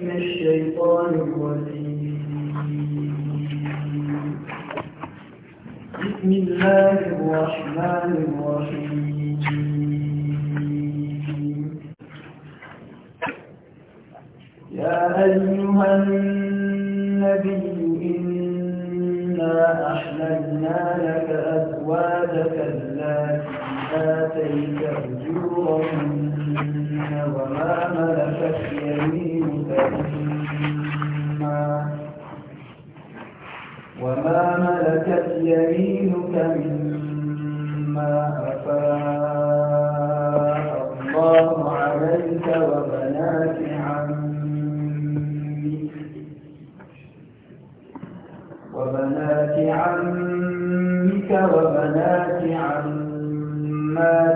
من الشيطان الرجيم بسم الله الرحمن الرحيم يا أيها النبي إنا أحللنا لك أزواجك التي آتيت أجورهن وما ملكت يمينك فإما وما ملكت يمينك مما أفاء الله عليك وبنات عمك وبنات عمك وبنات عمك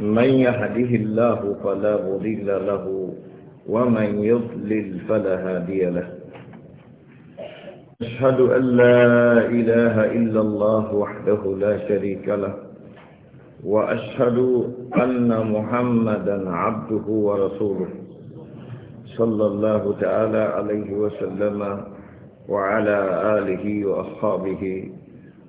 من يهده الله فلا مضل له ومن يضلل فلا هادي له أشهد أن لا إله إلا الله وحده لا شريك له وأشهد أن محمدا عبده ورسوله صلى الله تعالى عليه وسلم وعلى آله وأصحابه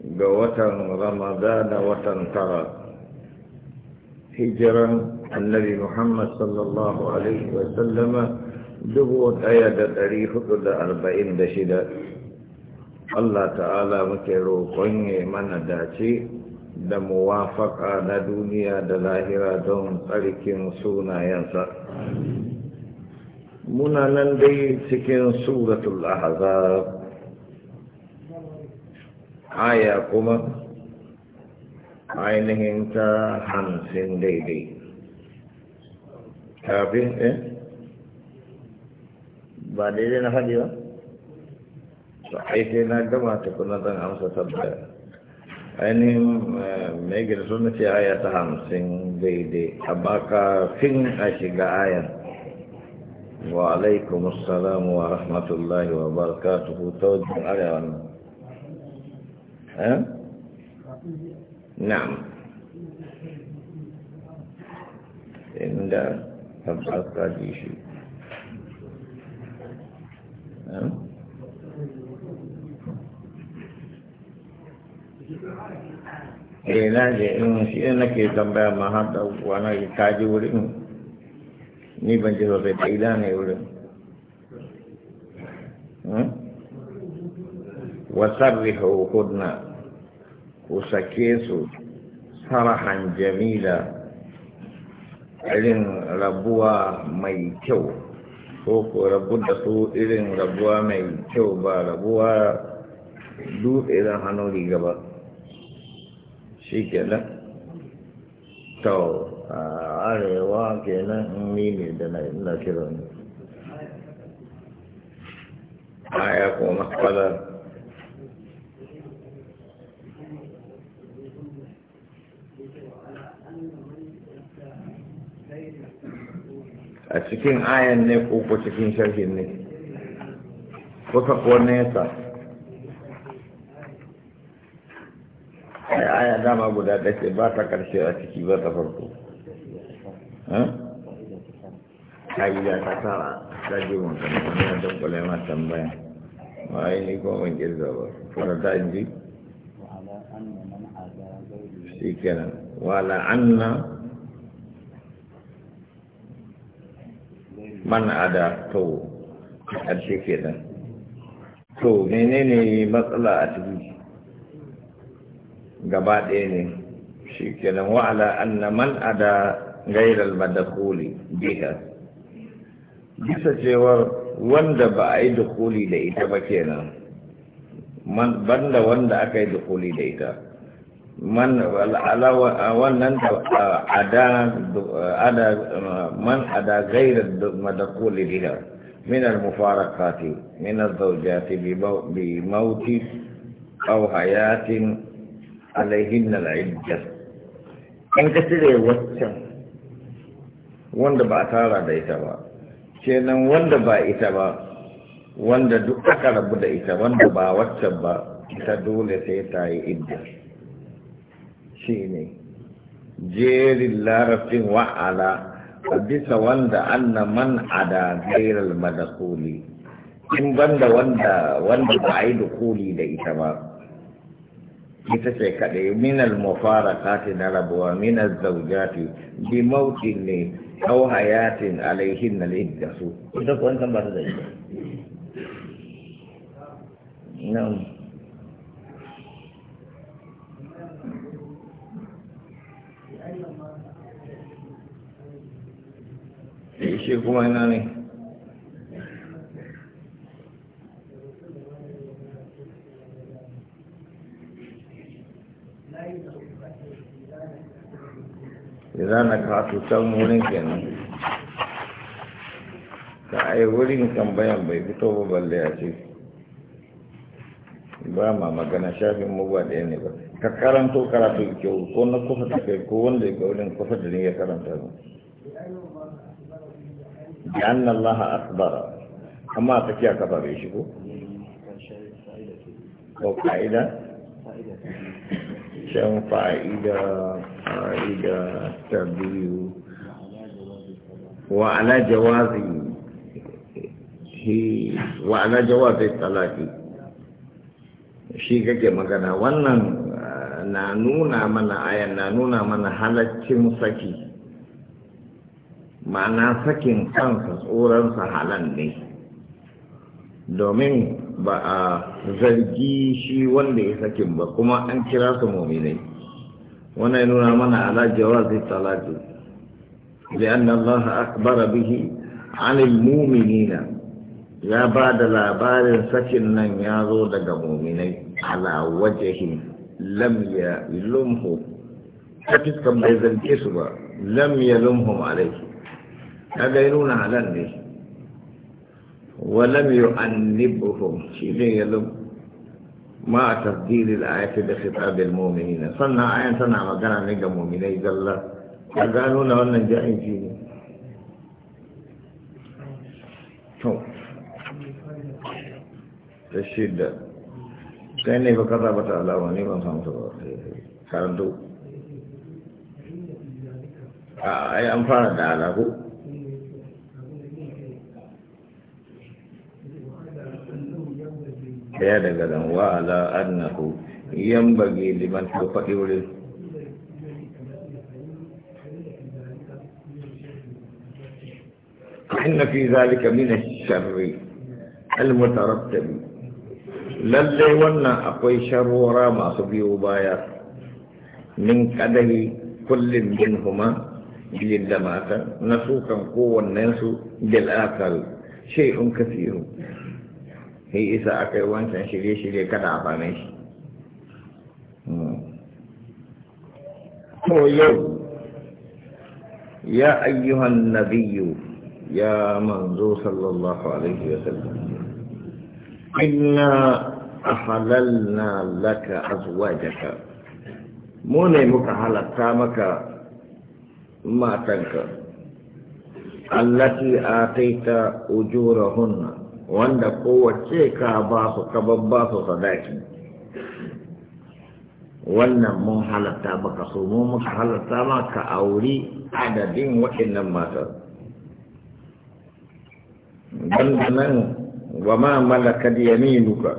ga watan ramadana watan tara hijiran annabi muhammad sallallahu alaihi sallama dubu ɗaya da dari hudu da arba'in da shida allah ta'ala muke roƙon ya mana dace da muwafaka na duniya da lahira don tsarkin sunayensa muna nan dai cikin suratul ahzab aya kuma ainihin ta hamsin daidai kafin eh ba daidai na faɗi ba to aiki na gama tukuna zan amsa tabbaya ainihin eh, mai gina ce aya ta hamsin daidai amma kafin a shiga ayan wa alaikumussalam wa rahmatullahi wa barakatuhu ta wajen arewa na'am inda tabbata ji shi eh na je in shi nake tambaya ma har da wani kaji wurin ni ban ji sosai da ila ne wurin wasarrihu hudna ku sake su hanjami da irin rabuwa mai kyau ko ku da su irin rabuwa mai kyau ba rabuwa dutse zan hannu riga ba shi kenan to arewa kenan ni ne da na kiran aya kuma matsalar a cikin ayan ne ko ko cikin sharhin ne kusa ko nesa ta aya dama guda da ce ba ta karshe a ciki ba ta farko ya ta tara ta ji mun kan wani da kwale ma tambaya ma ai ni ko ban girza ba fara ta ji shi kenan wala anna man ada to ƙarshe kenan to ne matsala a cikin gaba ɗaya ne shi nan wa'ala anna man ada gairar madakuli biha bisa cewar wanda ba a yi dukuli da ita ba kenan banda wanda aka yi dukuli da ita man ala wannan da ada ada man ada ghayra madqul biha min al mufaraqati min al zawjati bi mauti aw hayatin alaihin al iddah kan kasire cire waccan wanda ba a tara da ita ba kenan wanda ba ita ba wanda duk aka rabu da ita wanda ba waccan ba ita dole sai ta yi iddah shi ne jerin larafin wa'ala a bisa wanda anna man ada jerin madakuli in banda wanda wanda ba a yi dukuli da ita ba ita ce kaɗai minal mafara kati na rabuwa minal zaujati bi mautin ne au hayatin alaihin na su ita ba da ita shi kuma yana ne idan na kawo can wurin kenan ta ai wurin tambayan bai fito ba balle a ce ba ma magana shafin mu ba ɗaya ne ba ka karanto karatu kyau ko na kusa da kai ko wanda ya ga wurin kusa da ni ya karanta ba. bi annan laha asibara amma a tafiya ka ba bai shigo? ko fa’ida? shan fa’ida ta biyu wa ana jawazi talafi shi kake magana wannan na nuna mana ayan nuna mana halaccin saki ma'ana sakin kansa tsoron halan ne domin ba a zargi shi wanda ya sakin ba kuma an kira su mominai wani ya nuna mana alajewa zai da liyan nan za su akbara bihi anil na ya ba da labarin sakin nan ya zo daga mominai ala wajehin lam ya lumhu ta fiskan bai zarge su ba lam ya lumhu kaga على nuna ولم يؤنبهم شيء مع تفضيل الآية بخطاب المؤمنين صنع آية صنع مكان نجا مؤمني جل فقالوا له أن نجعين فيه الشدة كأني فكتبت على وني من خمسة كانت آه، أي أنفرد على هو ɗaya daga nan wa'ala annahu yan bage liman ta faɗi wurin inna fi zalika min ash-sharri al-mutarattab lalle wannan akwai sharora masu biyo baya min kadari kullum min huma bilin da mata na sukan kowannensu bil akal shay'un kasiru sai isa a kai wancan shirye-shirye kada a fane shi ko hmm. yau ya ayyuhan Nabiyu. ya manzo sallallahu alaihi wa sallam inna ahalalna laka azwajaka mu ne muka halatta maka matanka allati ataita ujurahunna wanda kowace ka ba su ka babba su sadaki wannan mun halatta baka so mu muka halatta ma ka auri adadin waɗannan matar banda nan wa ma malaka yaminuka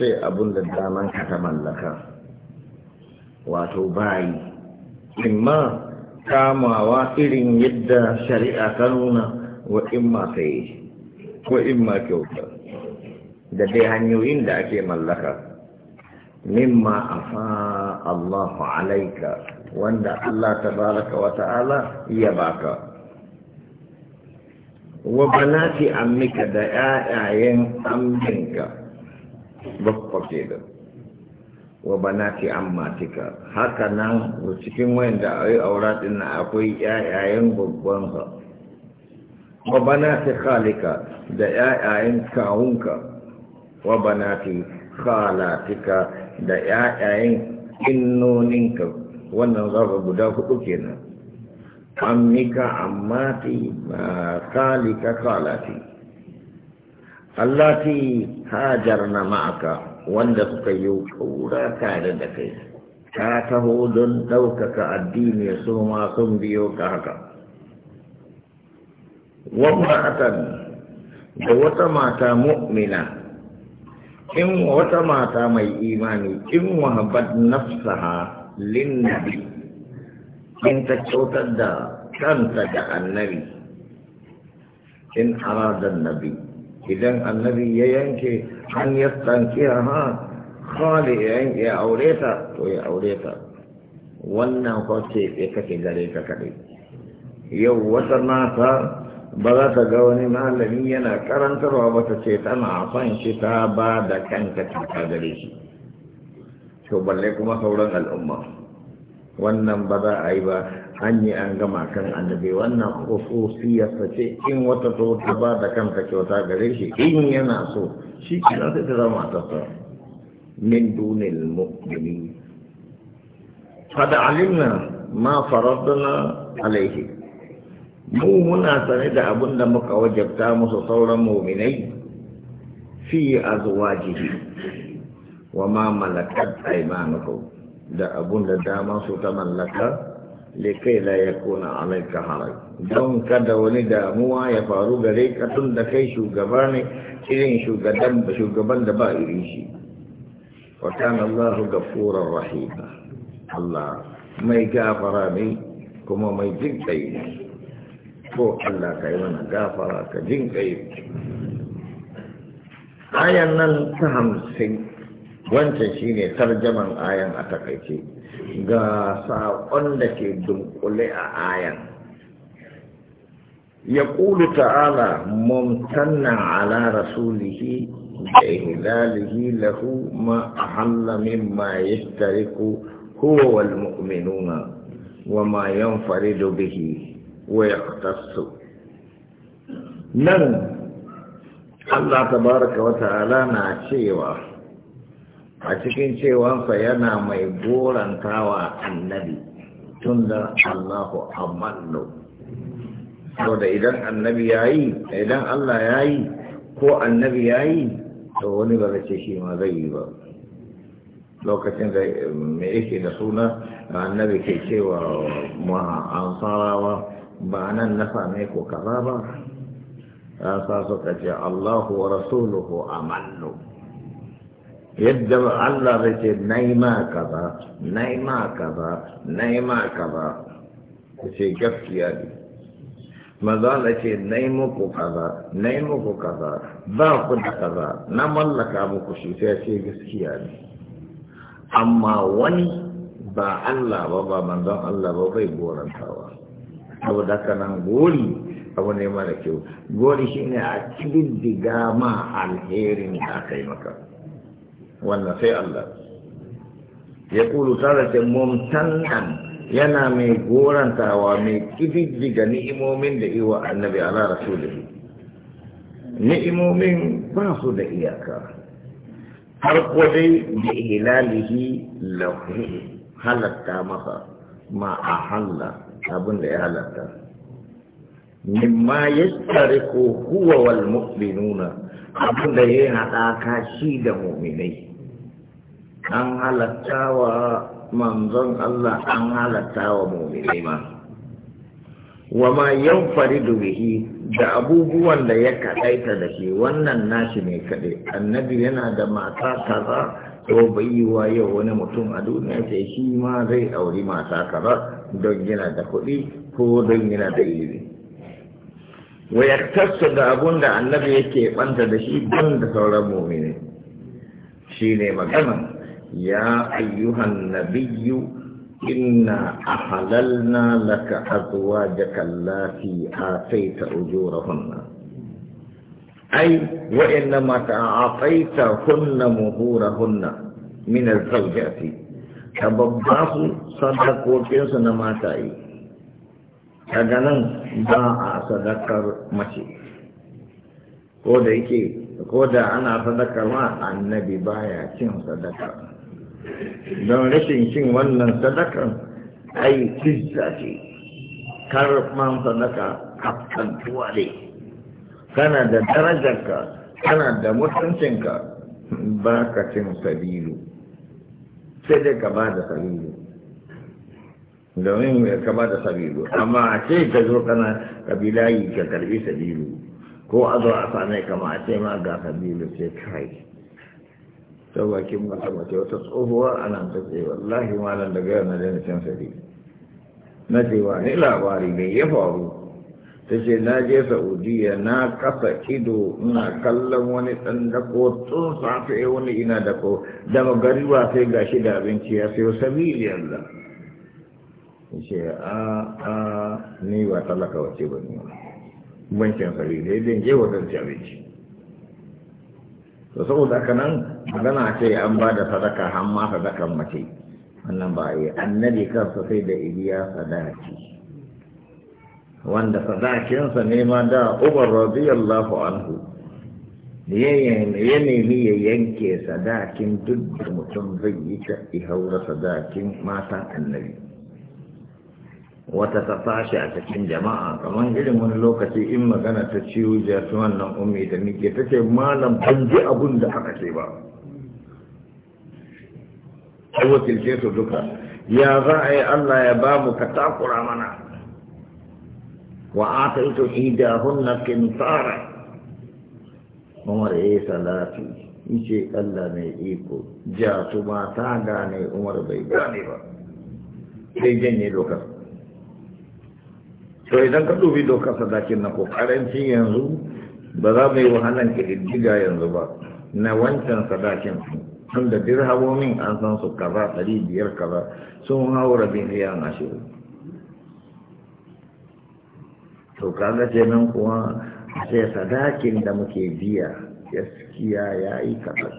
sai abun da daman ka ta mallaka wato bayi imma kamawa irin yadda shari'a ta nuna wa imma sai ko in ma kyauta da dai hanyoyin da ake mallaka mimma afa Allahu alaika wanda Allah tabaraka wa ta'ala ya baka wa banati ammika da ƴaƴayen amminka bakwa ke da wa banati ammatika haka nan cikin wayanda yi aura na akwai ƴaƴayen babban wa banati khalika da ƴaƴayen kawunka wa khalatika da ƴaƴayen innoninka wannan zaba guda hudu kenan amnika ammati khalika khalati allati na ma'aka wanda suka yi kura tare da kai ta taho don ɗaukaka addini su ma sun biyo ka haka wamra'atan da wata mata mu'mina in wata mata mai imani in wahabat nafsaha lin nabi in ta kyautar da kanta da annabi in aradan nabi idan annabi ya yanke hanyar yastanki ha khali ya aure ta to ya aureta. ta wannan kwace ya kake gare ka kaɗai. yau wata mata ba za ta ga wani malami yana karantarwa ba ta ce tana son shi ta ba da kanka cuta gare shi to balle kuma sauran al'umma wannan ba za a yi ba an yi an gama kan annabi wannan khususiyarsa ce in wata to ta ba da kanka kyauta gare shi in yana so shi kina sai ta zama ta sa min dunil mu'minin fada alimna ma faradana alaihi mu muna sane da abun da muka wajabta musu sauran muminai fi azwajihi wa ma malakat aymanukum da abun da dama su ta mallaka kai la yakuna alayka haraj don kada wani damuwa ya faru gare ka tun da kai shugaba ne irin shugaban da ba irin shi wa kana Allahu ghafurur rahima Allah mai gafara ne kuma mai jinkai ne ko Allah ka yi mana gafara ka jin kai ayan nan ta hamsin wancan shi ne tarjaman ayan a takaice ga saƙon da ke dunkule a ayan ya ƙulu ta'ala mumtannan ala rasulihi da ihlalihi lahu ma ahalla mimma yashtariku huwa wal mu'minuna wa ma yanfaridu bihi ta نن الله تبارك na cewa a cikin cewansa yana mai gorantawa annabi tun da Allahu to da idan annabi ya yi idan Allah ya yi ko annabi ya yi to wani ba zai ce shi ma zai yi ba lokacin da me yake da suna annabi ke cewa ma ansarawa ba nan na same ko kaza ba ya sa suka ce Allahu wa rasuluhu amallu yadda Allah zai ce naima kaza naima kaza naima kaza ku ce gaskiya ne maza da ce nai muku kaza nai muku kaza ba ku da kaza na mallaka muku shi sai ce gaskiya ne amma wani ba Allah ba ba manzon Allah ba bai gorantawa da haka nan gori abu ne mara kyau gori shine a diga ma alherin da aka yi maka wannan sai Allah ya kulu tare da nan yana mai gorantawa mai diga ni'imomin da iwa annabi ala rasulihi ni'imomin ba su da iyaka har kodai da ilalihi lahu halatta maka ma a halla abin da ya halatta mimma ko huwa wal mu'minuna abin da ya haɗaka shi da mu'minai an halatta wa manzon Allah an halatta wa mu'minai ma wa ma yanfaridu bihi da abubuwan da ya kaɗaita da shi wannan nashi ne kaɗai annabi yana da mata kaza ko bayyuwa yau wani mutum a duniya ce shi ma zai auri mata kaza don yana da kuɗi ko don yana da ilimi wa yaktasu da abun da annabi yake banta da shi ban da sauran mu'mini ne magana ya ayyuhan nabiyyu inna ahalalna laka azwajaka allati ataita ujurahunna ai wa'annama ta'ataita hunna muhurahunna min az-zawjati ka babba su sadakokin na mata yi daga nan ba a sadakar mace ko da yake ko da ana sadakar ma annabi baya cin sadaka don rashin cin wannan sadakar ai kizza ce karɓan sadaka tuwa ne kana da darajarka kana da mutuncinka ba ka cin sabilu sai dai ka ba da sabilu domin ka ba da sabilu amma a ce ka zo kana kabila yi ka karbi sabilu ko a zo a same kama a ce ma ga sabilu ce kai ta kin mata mace wata tsohuwa ana ta ce wallahi malam daga na daina cin sabilu na cewa ni labari ne ya faru ta ce na je saudiya na kasa ido ina kallon wani ɗan dako tun safe wani ina dako da ba sai ga shi da abinci ya sayo sabiliyar ya ce a a ni ba talaka wace ba ne wancan sabili ya je wajen ci abinci to saboda haka nan magana ce an ba da sadaka har ma sadakan mace wannan ba a yi annabi kansa sai da iliya sadaki wanda sadakinsa ne ma da Umar radiyallahu anhu ya nemi ne yanke sadakin duk mutum zai yi ta ihaura sadakin matan annabi wata tafashi a cikin jama'a kamar irin wani lokaci in magana ta ciwo jiyarci wannan ummi da nike take malam ban ji abun da aka ce ba a wakilce su duka ya za a yi allah ya ba mu ka takura mana وآتيت إيداهن كنطارا عمر إيه صلاتي إيشي الله مي إيكو جا ta gane عمر bai gane با sai janye dokar to idan ka dubi dokar sadakin na ko karancin yanzu ba za mu yi wahalan diga yanzu ba na wancan sadakin su tun da dirhamomin an san su kaza ɗari biyar kaza sun haura bin riyan ashirin to kaga kenan kuma sai sadakin da muke biya gaskiya ya yi kaɗan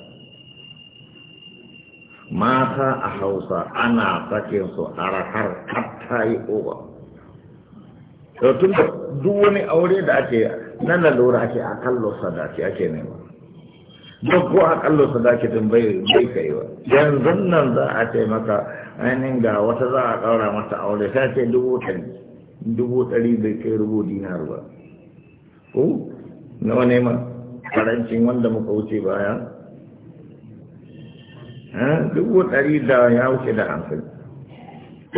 mata a hausa ana sakin su rahar ta yi oba to tun da duk wani aure da ake nan da lura ake kallo sadaki ake nema duk ko kallo sadaki din bai bai kai ba yanzu nan za a ce maka ainihin ga wata za a ƙaura masa aure ta ce dubu dubu ɗari bai kai rubu dinar ba ko nawa ne ma karancin wanda muka wuce baya dubu ɗari da ya wuce da hankali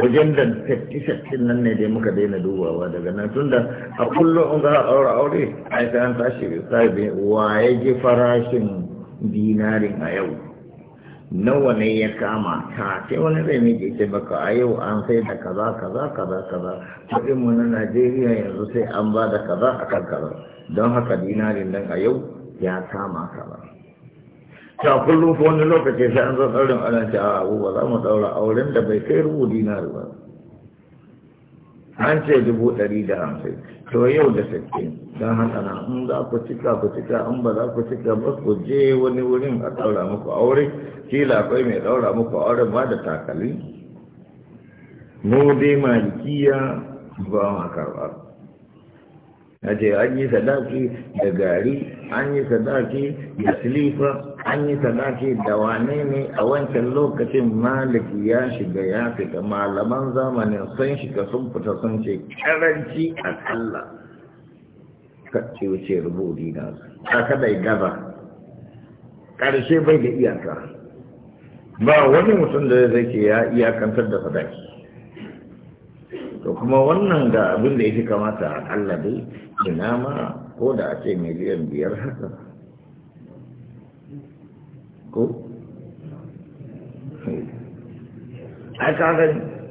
wajen da tattisattin nan ne dai muka daina dubawa daga nan tun da a kullum an za a aure aure a yi an tashi sai waye ji farashin dinarin a yau nawa ne ya kama ta sai wani zai miki ce baka a yau an sai da kaza kaza kaza kaza kuɗin mu na Najeriya yanzu sai an ba da kaza a kan kaza don haka dinarin nan a yau ya kama kaza ta kullum wani lokaci sai an zo tsarin ana ce a abubuwa za mu ɗaura auren da bai kai rubu dinari ba an ce dubu ɗari da hamsin to yau da sake. don haka na in za ku cika ku cika in ba za ku cika ba ku je wani wurin a ɗaura muku aure kila akwai mai ɗaura muku aure ba da takali mu dai malikiya ba ma karɓa na ce an yi sadaki da gari an yi sadaki da silifa an yi tanaki da wane ne a wancan lokacin maliki ya shiga ya fita malaman zamanin sun shiga sun fita sun ce karanci a kalla kacce wuce rubuɗi na su kada kadai gaza Karshe bai da iyaka ba wani mutum da zai ke ya iyakantar da sadaki to kuma wannan ga abin da ya fi kamata a kalla dai ina ma ko da a ce miliyan biyar haka ko ai kaga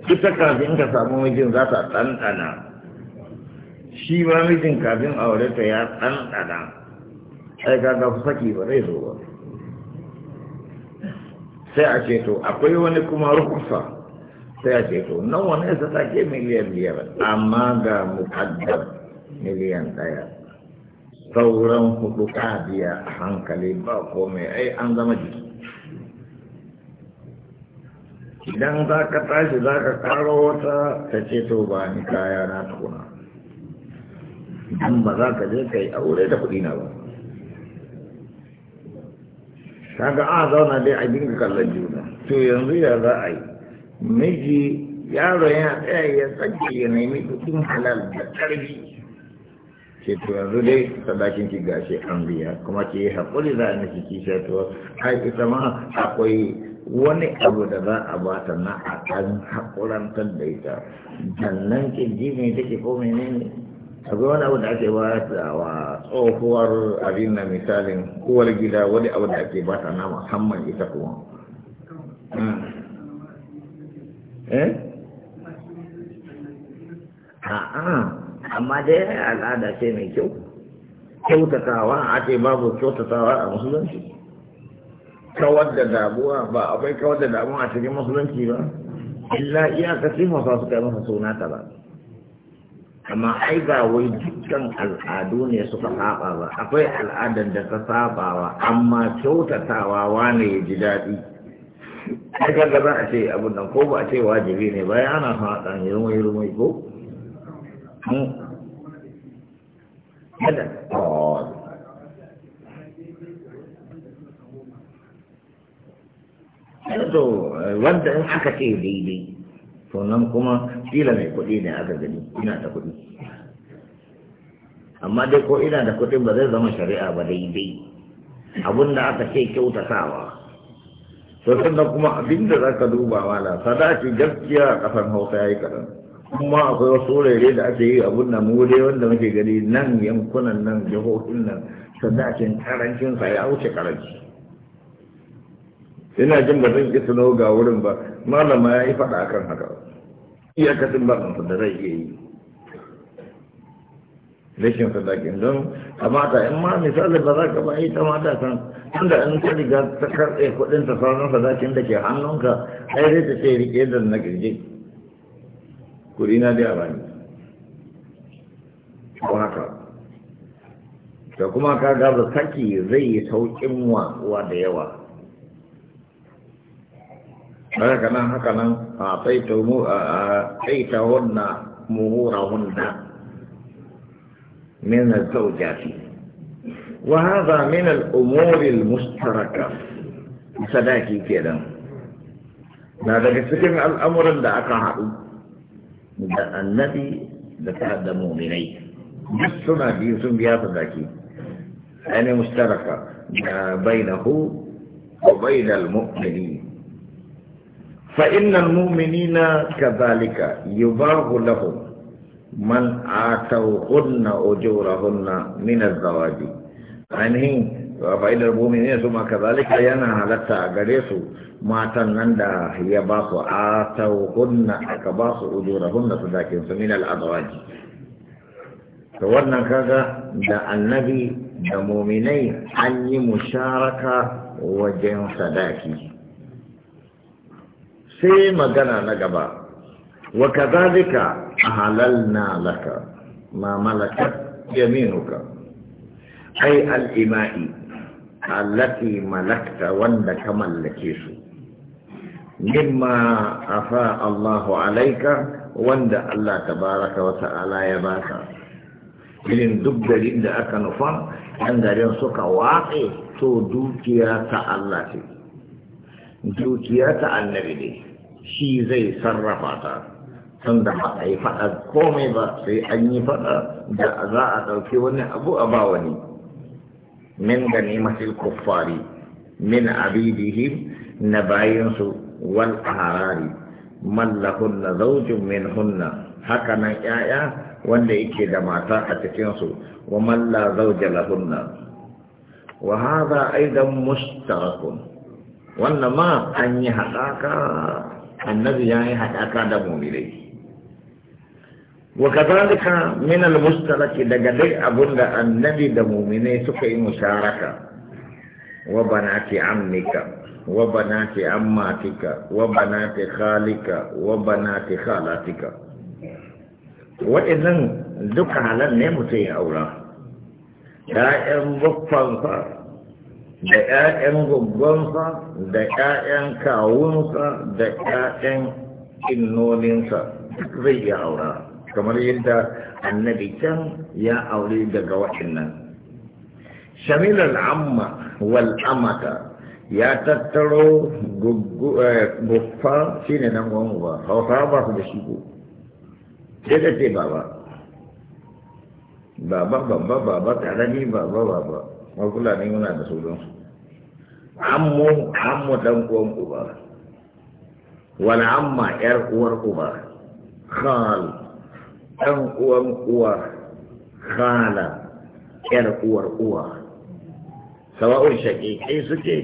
ita kafin ka samu mijin za ta ɗanɗana shi ba mijin kafin aure ta ya ɗanɗana ai kaga saki ba zai zo ba sai a ce to akwai wani kuma rukusa sai a ce to wani ya sa ke miliyan biyar amma ga muƙaddar miliyan ɗaya sauran hudu biya a hankali ba komai ai an zama jiki idan za ka tashi za ka karo wata ta ce to ba ni kaya na tukuna idan ba za ka je ka yi aure da kuɗi na ba kaga a zauna dai a dinga kallon juna to yanzu ya za a yi miji yaro yana tsaya ya tsaki ya nemi kuɗin halal da ƙarfi ce to yanzu dai sadakin ki gashi an biya kuma ki haƙuri za a miki kisha to ai ita ma akwai wani abu da za a ba ta na a kan haƙurantar da ita sannan ki ji ne take ko menene akwai wani abu da ake ba ta wa tsohuwar abin na misalin kowar gida wani abu da ake ba ta na musamman ita kuma hmm. eh? a'a amma dai al'ada ce mai kyau kyautatawa a ce babu kyautatawa a musulunci kawar da damuwa ba akwai kawar da damuwa a cikin musulunci ba illa iyakaci masu suka yi masa suna ta ba amma ai ba wai dukkan al'adu ne suka saba ba akwai al'adar da ta sabawa amma kyautatawa wane ya ji daɗi ai kaga za a ce abin nan ko ba a ce wajibi ne bayan ana son ɗan yi rumai rumai ko hmm. Eh, wanda in aka ce daidai to nan kuma kila mai kuɗi ne aka gani ina da kuɗi amma dai ko ina da kuɗi ba zai zama shari'a ba daidai abinda aka ce kyautatawa to sannan kuma abinda za ka duba wala sadaki gaskiya a kasar hausa ya yi kaɗan kuma akwai wasu wurare da aka yi abun nan wuri wanda muke gani nan yankunan nan jihohin nan sadakin karancin sa ya wuce karanci ina jin ba zan ki tuno ga wurin ba malama ya yi faɗa akan haka iyakacin ba da zai iya yi rashin sadakin don kamata in ma misali ba za ka ba yi ta mata san tunda in ka riga ta karɓe kuɗin ta sauran sadakin da ke hannunka ai zai ta ce rike da na girje kudi na da bani ko haka da kuma ka gaza saki zai yi saukin wa da yawa Daga nan haka nan a taita hunna muhura hunna من الزوجات وهذا من الأمور المشتركة Na daga cikin al'amuran da aka haɗu. da annabi da ta da muminai duk suna biyu sun biya zaki ainihin mustaraka da bainahu wa bainal mu'mini fa innal mu'minina kadhalika yubahu lahum man atawhunna ujurahunna min az-zawaji ainihin فإن المؤمنين ثم كذلك ينا لتا غريسو ما تنندا هي باصو آتوهن أكباصو أجورهن صداكين من الأضواج فورنا كذا دا النبي دا مؤمني أني مشاركة وجن صداكي سي مغنى نقبا وكذلك أهللنا لك ما ملكت يمينك أي الإمائي allati malakta wanda ka mallake su mimma afa Allahu alaika wanda Allah tabaraka wa ta'ala ya baka irin duk garin da aka nufa yan garin suka watse to dukiya ta Allah ce dukiya ta annabi ne shi zai sarrafa ta san da ba a yi faɗa komai ba sai an yi faɗa da za a ɗauki wani abu a ba wani من غنيمة الكفار من عبيدهم نبايس والأحرار من لهن زوج منهن هكذا يايا وليك جماعتا أتكينسو ومن لا زوج لهن وهذا أيضا مشترك وانما أن يحقاك النبي يعني حقاك دمو إليه wa kazani ka minal mustaqa daga laifin abunda annabi da mummini suka yi musharaka caraka wa banaci amnika wa banaci amma wa banaci khalika wa banaci khalatika waɗannan duka halar ne mu tafi aura ya'yan baffansa da ya'yan goggonsa da ya'yan kawunsa da ya'yan innoninsa zai iya aura. kamar yadda annabi can ya aure daga wa'annan shamilal amma wal amata ya tattaro guffa shi ne nan gwamu ba hausa ba su da shi ko daga ce baba baba baba baba karami baba baba makula ne muna da sauransu ammu ammu dan uwan uba wani amma yar uwar uba khal ɗan uwan uwa khala yar uwar uwa sawa'un shaƙiƙai suke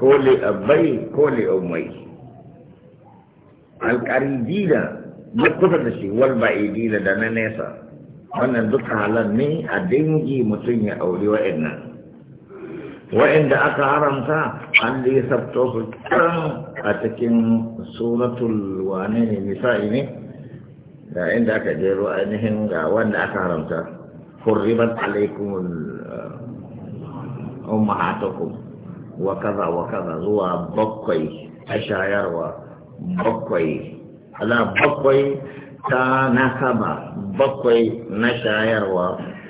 ko li abai ko li ummai alƙaribina na kusa da shi wal ba'idina da na nesa wannan duk halan ne a dangi mutum ya auri wa'annan wa'anda aka haramta an da ya sabto su a cikin suratul wane ne ne ga inda aka jero ainihin ah, ga wanda aka haramta hurrimat alaikum eh, ummahatukum wa kaza wa kaza zuwa bakwai a shayarwa bakwai ala bakwai ta nasaba bakwai na shayarwa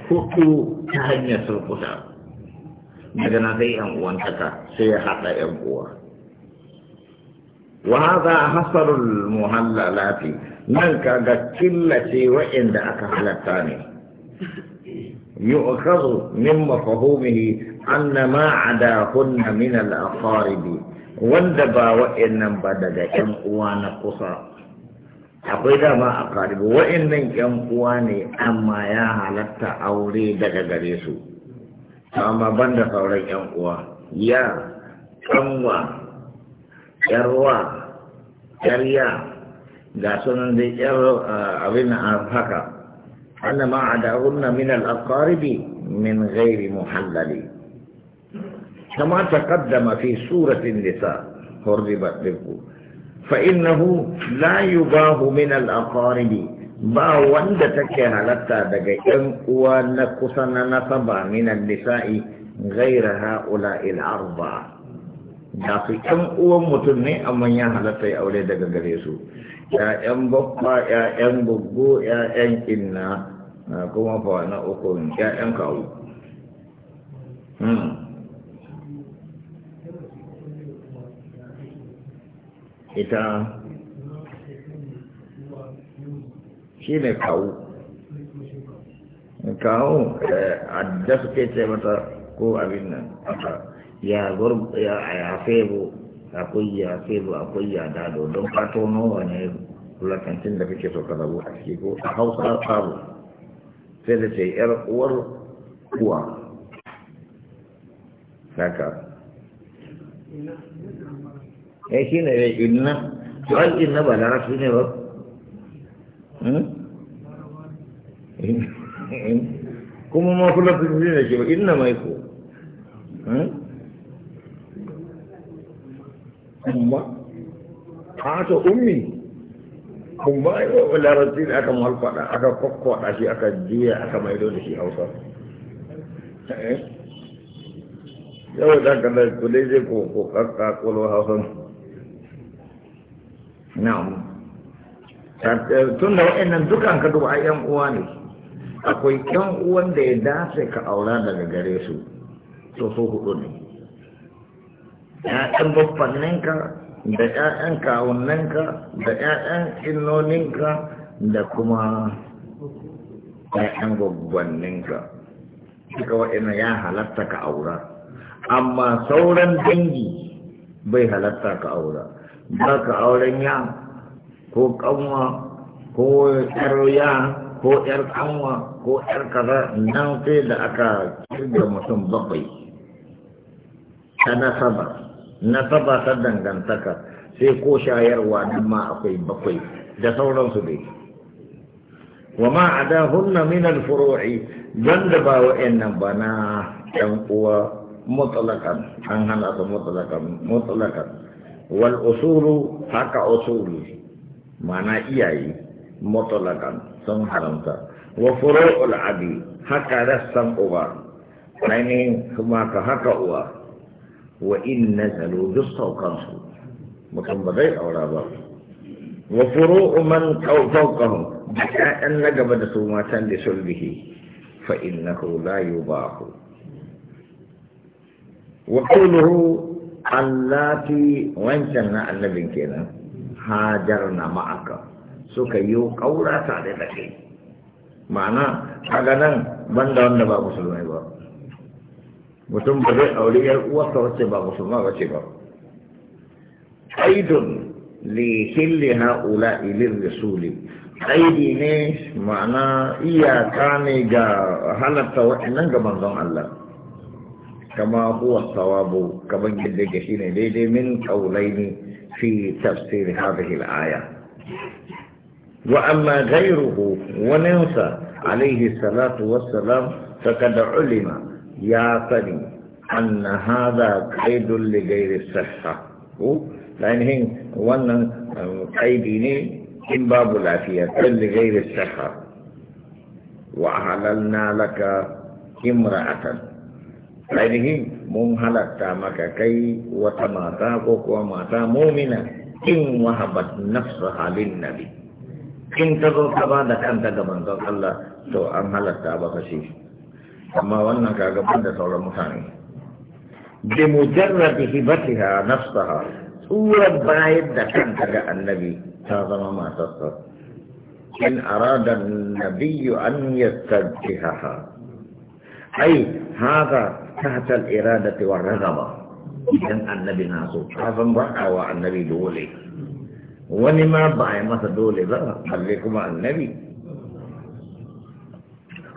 hudu ta hanyar surkuta daga na sai yan uwantaka sai ya haɗa yan uwa wa hadha hasarul muhallalati nan ka ga killace wa'inda aka halatta ne yu'khadhu min mafhumihi anna ma adahunna min al-aqarib wanda ba nan ba daga ƴan uwa na kusa akwai dama a wa'in nan ƴan uwa ne amma ya halatta aure daga gare su amma ban da sauran ƴan uwa ya ƙanwa yarwa ƴarya ga sunan da yar ah, abin ah, haka anna ma adahunna min al min ghairi muhallali kama kaddama fi surati nisa hurribat bikum fa innahu la bahu min al ba wanda take halatta daga ƴan uwa na kusa na nasaba min al-nisa'i gaira ha'ula al-arba su ƴan uwan mutum ne amma ya halatta ya aure daga gare su ‘ya'yan babba ‘ya'yan babbo ‘ya'yan inna na kuma fa na uku ‘ya'yan kawo hmm. ita shi ne kawo kawo eh, adda suke ce mata ko abin nan ya gurgu ya ayafe bu akwai ya ba akwai ya dado don fato nawa ne lakantin da kake so ka rabu a ciki ko a hausa tsaro sai da ce yar uwar kuwa. saka eh shi ne ya inna tuwal inna ba larasu ne ba hmm? kuma ma kula fi ne da ke ba inna mai ko hmm? umma a ta ummi umma ai wa larabci da aka malfada aka kwakwada shi aka jiya aka maido da shi hausa eh? yau da ka da kudai zai ko ko kakka kolo Hausa? na'am eh, tun da wa'annan dukan ka duba ai yan uwa ne akwai yan uwan da ya dace ka aura daga gare su to so hudu ne ‘ya'yan babbanninka da ‘ya'yan kawunanka, da ‘ya'yan innoninka da kuma ‘ya'yan babbanninka suka waɗanda ya halatta ka aura amma sauran dangi bai halatta ka aura ba ka auren ya ko kanwa ko ya ko ‘yar kanwa ko ‘yar kaza nan sai da aka kirga mutum bakwai ta nasaba na taba ta dangantaka sai ko shayarwa nan ma akwai bakwai da sauransu dai wa ma a da hunna min furu'i don da ba nan ba na ɗan uwa mutsalakan an hana su mutsalakan mutsalakan wal usulu haka usulu mana iyaye mutsalakan sun haramta wa furu'ul abi haka rassan uwa ainihin kuma ka haka uwa wa in nazalu duk saukansu mutum ba zai aura ba wa furu'u man fawqahum da ƴaƴan na gaba da su matan da sulbihi fa innahu la yubahu wa qawluhu allati wancan na annabin kenan hajar na ma'aka suka yi kaura tare da kai ma'ana kaga nan banda wanda ba musulmai ba وتم بدأ أولياء وترتب غصمها رتبها أيضا لكل هؤلاء للرسول أيدي ناس معنا إيا كاني جا هل التوحي ننجا من ظن الله كما هو الثواب كما جد جسين ليدي من قولين في تفسير هذه الآية وأما غيره وننسى عليه الصلاة والسلام فقد علم ya sani anna hadha qaidun li ghairi sihha ko ainihin wannan kaidi ne in babu lafiya kan li ghairi wa halalna laka imra'atan ainihin mun halatta maka kai wata mata ko kuwa mata mumina in wahabat nafsa halin nabi in ta zo ta ba da kanta ga manzon Allah to an halatta ka shi amma wannan gagaban da sauran mutane bi mujarrad hibatiha nafsaha tsurar bayar da kanta ga annabi ta zama matarsa in arada nabiyyu an yastajjihaha ai haka tahta al-iradati war ragaba idan annabi na so kafin ba a wa annabi dole wani ma ba a yi masa dole ba balle kuma annabi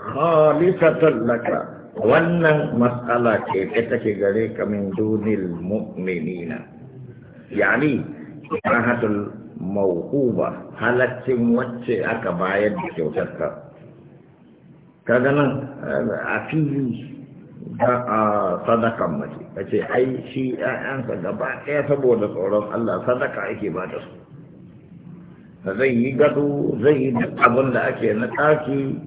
khalisatan laka wannan mas'ala ce take gare ka min dunil mu'minina yani rahatul mawquba halaccin wacce aka bayar da kyautar ka kaga nan a fili da a sadakan mace ka ce ai shi ‘ya'yansa gaba ɗaya saboda tsoron Allah sadaka ake ba da su zai yi gado zai yi abin da ake na tsaki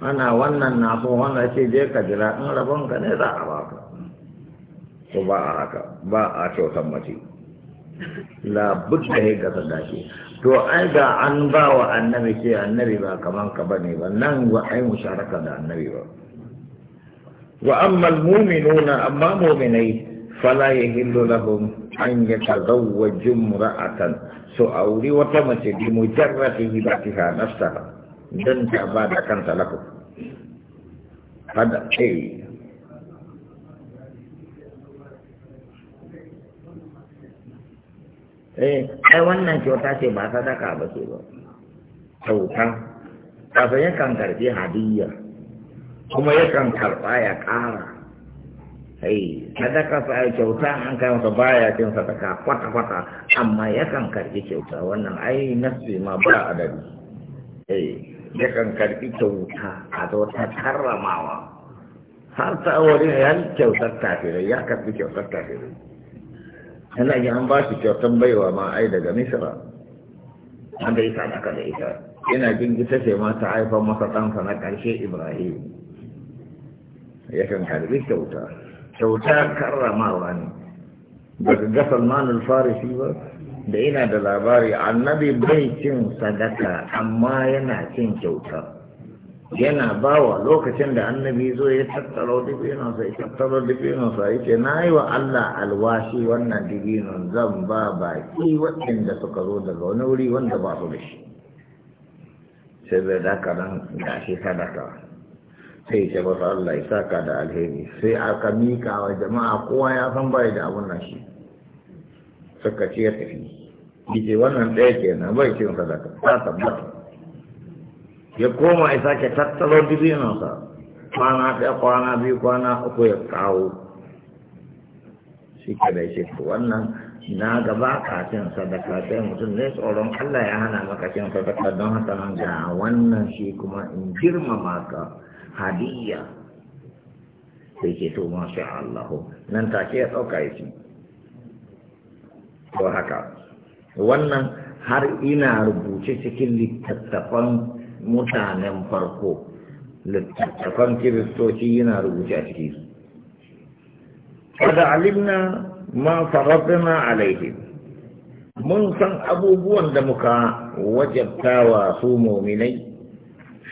ana wannan na so wannan ce je ka jira in rabon ka ne za a baka ko ba a haka ba a cotan mace La budda ya gasa dashi to ai ga an ba wa annabi ce annabi ba kaman ka bane ba nan wa ai musharaka da annabi ba wa amma almu'minuna amma mu'minai fala yahillu lahum an yatazawwaju imra'atan so auri wata mace bi mujarrati hibatiha nafsaha don ta ba da kanta lafi hada ce eh ai eh, wannan kyauta ce ba sadaka ba ce ba kyauta Kafa yakan karfi hadiyya kuma yakan karɓa ya ƙara eh, ai sadaka sa ai kyauta an kai masa baya cin sadaka kwata kwata amma yakan karɓi kyauta wannan ai nasi ma ba adadi eh yakan karɓi kyauta a zo karramawa har ta aure ya yi kyautar kafirai ya karɓi kyautar kafirai yana yi an ba shi kyautar baiwa ma ai daga misira an da isa aka da isa yana jin gita ce ma ta haifar masa ɗansa na ƙarshe ibrahim yakan karɓi kyauta kyauta karramawa ne daga gasar manul farisi ba da yana da labari annabi bai cin sadaka amma yana cin kyauta yana bawa lokacin da annabi zo ya tattaro dibinansa ya tattaro dibinansa ya ce na yi wa Allah alwashi wannan dibinon zan ba baki waɗanda suka zo daga wani wuri wanda ba su da shi sai zai daka nan gashi sadaka sai ce ba Allah ya saka da alheri sai aka mika wa jama'a kowa ya san bai da abun nan shi suka ce ya tafi yace wannan ɗaya kenan bai wanda sadaka ta tabbata ya koma ya sake tattalo dubinansa kwana ɗaya kwana biyu kwana uku ya kawo shi ke da shi wannan na gaba kafin sadaka sai mutum ne tsoron Allah ya hana maka cin sadaka don haka nan ga wannan shi kuma in girmama ka hadiyya sai ke to masha allahu nan take ya ɗauka ya ci ko haka wannan har ina rubuce cikin littattafan mutanen farko littattafan kiristoci yana rubuce a ciki kada alimna ma farafina alaihi mun san abubuwan da muka wajabta wa su mominai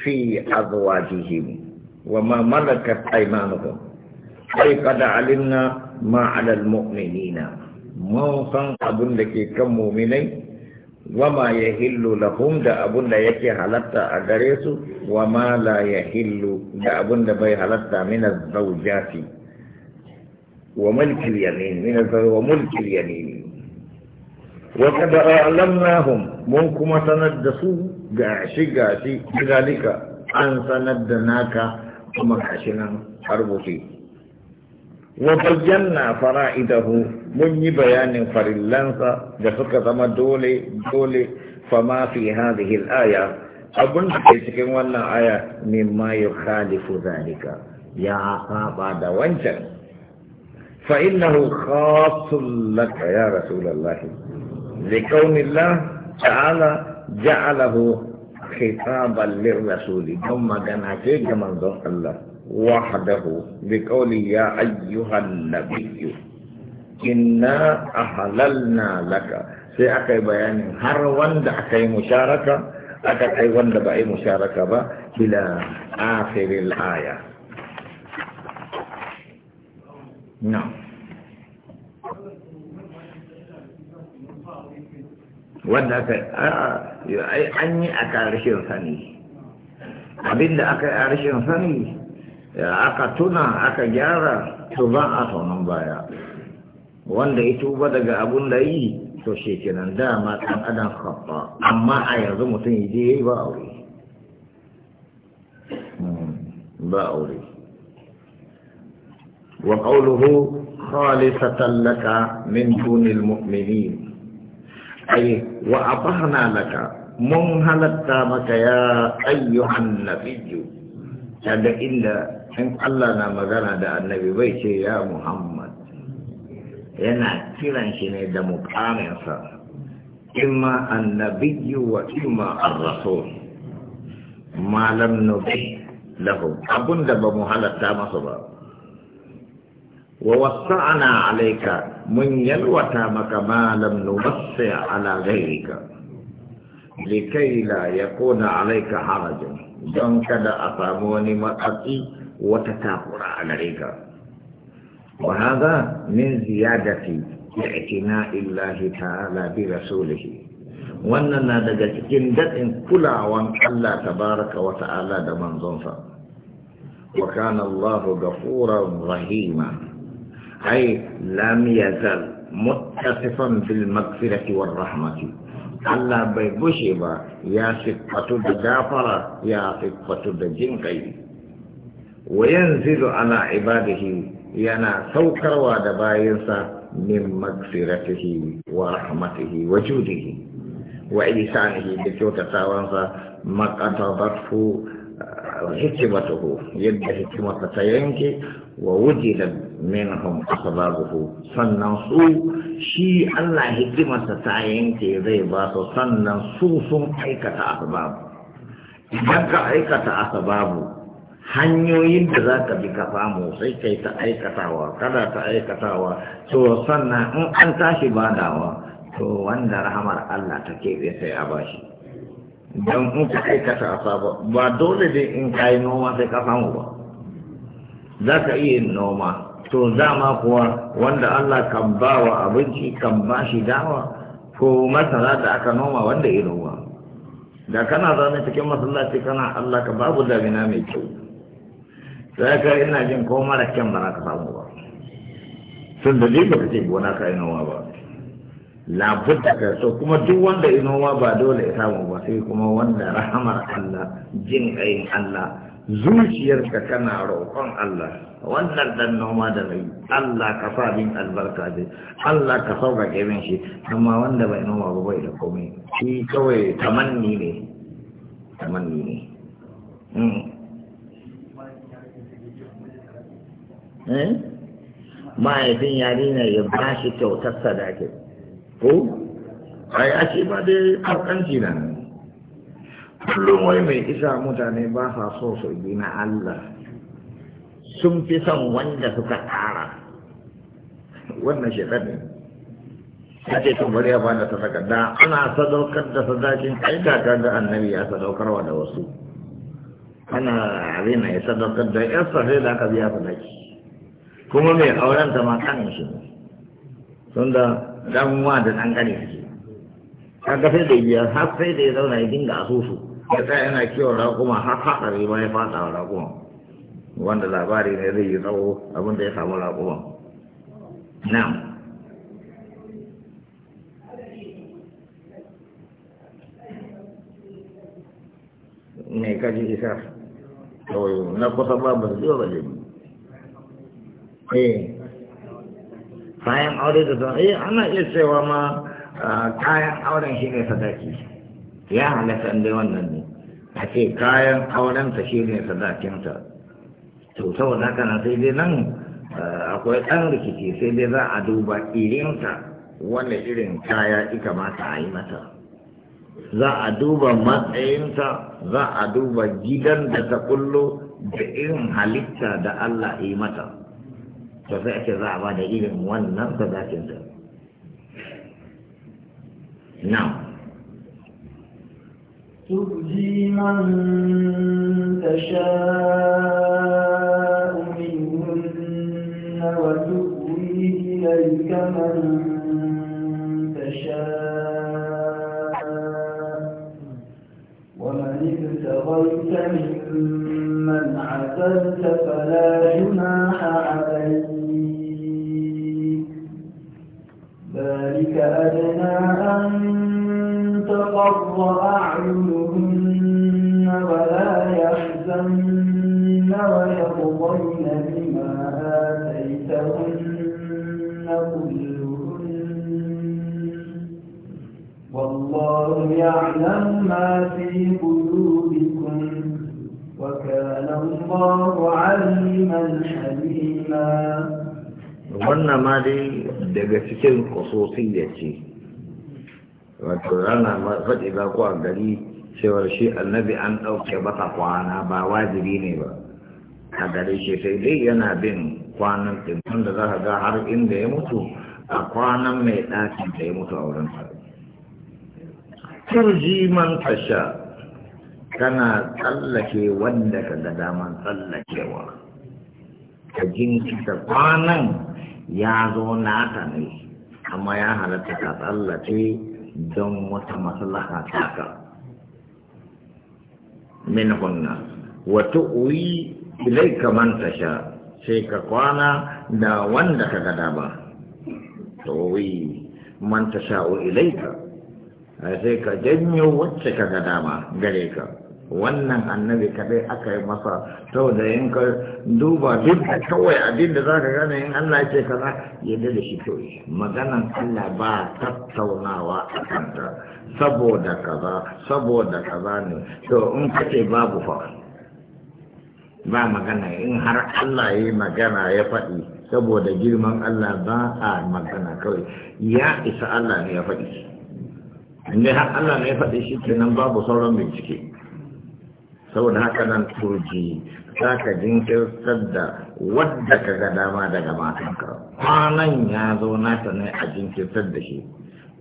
fi azwajihim wa ma malakat aymanuhum sai kada alimna ma alal mu'minina mun san abin da ke kan muminai wama ya hillu lahum da abin da yake halatta a gare su wama la ya hillu da abin da bai halatta mina zaujati wa mulkil yamin mina wa mulkil yamin wa kad a'lamnahum mun kuma sanar da su ga shi ga shi dalika an sanar da naka kuma kashi nan har wa bayyana fara'idahu mun yi bayanin farillansa da suka zama dole dole fama fi hadhihi al-aya abun da ke cikin wannan aya ne mimma yukhalifu zalika ya saba da wancan fa innahu khassun lak ya rasulullah likauni Allah ta'ala ja'alahu khitaban lir lirrasuli don magana ce ga manzon Allah wahdahu bi qawli ya ayyuhan nabiyyu inna ahalalna laka sai aka yi bayanin har wanda aka yi musharaka aka kai wanda ba a yi musharaka ba ila akhiril aya na wanda aka yi an yi a karshen sani abinda aka yi a karshen sani aka tuna aka gyara to ba a taunan baya wanda ya tuba daga abun da yi to shi dama kan adam khaffa amma a yanzu mutum ya je ba aure hmm, ba aure wa qawluhu khalisatan tallaka min dunil mu'minin ay wa abahna laka mun halatta maka ya ayyuhan nabiyyu kada inda in Allah na magana da annabi bai ce ya Muhammad yana kiran shi ne da mukaminsa imma annabiyyu wa imma ar-rasul ma lam nubi lahu abunda ba mu halatta masa ba wa wasa'na alayka mun yalwata maka ma lam nubassi ala ghayrika likai la yakuna alayka harajun don kada a samu wani matsatsi wata takura a gare ka وهذا من زيادة اعتناء الله تعالى برسوله وأننا دقتين دقن كلا وان الله تبارك وتعالى دمان ظنفا وكان الله غفورا رحيما أي لم يزل متصفا بالمغفرة والرحمة الله بيبشبا يا سقة دافرة يا سقة جنقي وينزل على عباده yana saukarwa da bayansa min magsiratihi wa rahmatihi wa judihi wa ihsanihi da kyautatawansa maqatadathu uh, hikmatuhu yadda hikimata ta yanke wa wujida minhum asbabuhu sannan su shi Allah hikimarsa ta yanke zai ba su sannan su sun aikata asbabu idan ka aikata asbabu hanyoyin da za ka bi ka samu sai kai ta aikatawa kada ta aikatawa to sannan in an tashi badawa to wanda rahamar Allah ta keɓe sai a bashi don in ka aikata a ba, ba dole dai in ka yi noma sai ka samu ba za ka iya noma to dama kuwa wanda Allah kan ba wa abinci kan ba shi dawa ko masara da aka noma wanda ya noma da kana zaune cikin masallaci kana Allah ka babu damina mai kyau ya kai ina jin ko mara kyan ba na ka samu ba sun da ba baka ce gona ka inowa ba labud da ka so kuma duk wanda inowa ba dole ya samu ba sai kuma wanda rahamar Allah jin ayin Allah zuciyarka kana roƙon Allah wannan dan noma da mai Allah ka sa bin albarka dai Allah ka sauka min shi amma wanda bai noma ba bai da komai shi kawai tamanni ne tamanni ne hmm. Eh? mahaifin ne ya ba shi kyautar sadaki ko ai ake ba dai alƙanci na nan kullum wai mai isa mutane ba sa so su bi na Allah sun fi son wanda suka tsara wannan shekar ne ya ce tun bari ya bada sadaka da ana sadaukar da sadakin aika ga annabi ya sadaukarwa da wasu ana abin ya sadaukar da yarsa sai da aka biya sadaki kuma mai auren ta ma kanin shi ne tunda dan wa da dan gane shi kaga sai da ya har sai da ya zauna ya dinga asusu ya tsaya yana kiwon raƙuma har hatsari ma ya fata wa raƙuma wanda labari ne zai yi tsawo abin da ya samu raƙuma na'am mai kaji isa kawai na kusa babu zai ba lemu eh kayan aure da don eh ana iya cewa ma ah, kayan auren shi ne sadaki ya halatta dai wannan ne a ce kayan aurenta shi ne sadakinsa to saboda haka na sai dai nan ah, akwai ɗan rikici sai dai za a duba irinta wanda irin kaya ika mata a yi mata za a duba matsayinta za a duba gidan da ta kullo da irin halitta da Allah yi mata da za a ce za a ba da irin من تشاء منهن وتؤوي إليك من تشاء ومن ابتغيت ممن عزلت فلا جناح أدنى أن تقر أعينهن ولا يحزن ويقضين بما آتيتهن كلهن والله يعلم ما في قلوبكم وكان الله عليما حليما wannan ma dai daga cikin kwasosi ya ce wato rana faɗi za ku a gari cewar shi annabi an ɗauke baka kwana ba wajibi ne ba a gare shi sai dai yana bin kwanan ɗin wanda za ka ga har inda ya mutu a kwanan mai ɗakin da ya mutu a wurin sa turji man tasha kana tsallake wanda ka ga daman tsallakewa ka jinkita kwanan ya zo nata ne amma ya halatta ka tsallace don wata maslaha taka min hunna wata uyi ilai kaman tasha sai ka kwana da wanda ka gada ba ta uyi man o ilaika sai ka janyo wacce ka gada ba gare ka wannan annabi kadai aka yi masa da yin ka duba duk da kawai abin da za ka gane in Allah ce kaza yadda da shi kawai maganan Allah ba tattaunawa a kanta saboda kaza saboda kaza ne to in kace babu fa ba magana in har Allah yi magana ya faɗi saboda girman Allah ba a magana kawai ya isa Allah ne ya faɗi in har Allah ne ya faɗi shi kenan babu sauran bincike saboda haka nan turji za ka jinkirtar da wadda ka ga dama daga matanka kwanan ya zo nata ne a jinkirtar da shi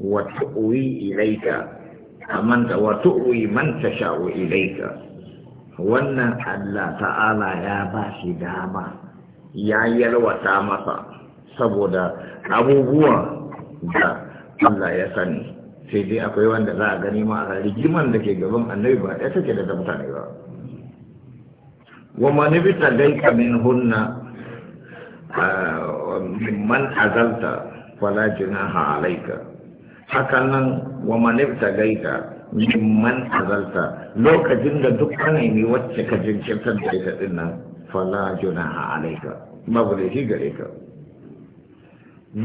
wa tu'wi ilaika manta wata tu'wi manta tasha'u ilaika wannan Allah ta'ala ya ba shi dama ya yalwata masa saboda abubuwa da Allah ya sani sai dai akwai wanda za a gani ma a rigiman da ke gaban annabi ba ɗaya take da mutane ba min ابتغيت منهن azalta عزلت ha alaika. عليك nan wa man ibtagaita mimman azalta lokacin da duk kana ne wacce ka jinkirtar da ita din nan fala junaha babu da shi gare ka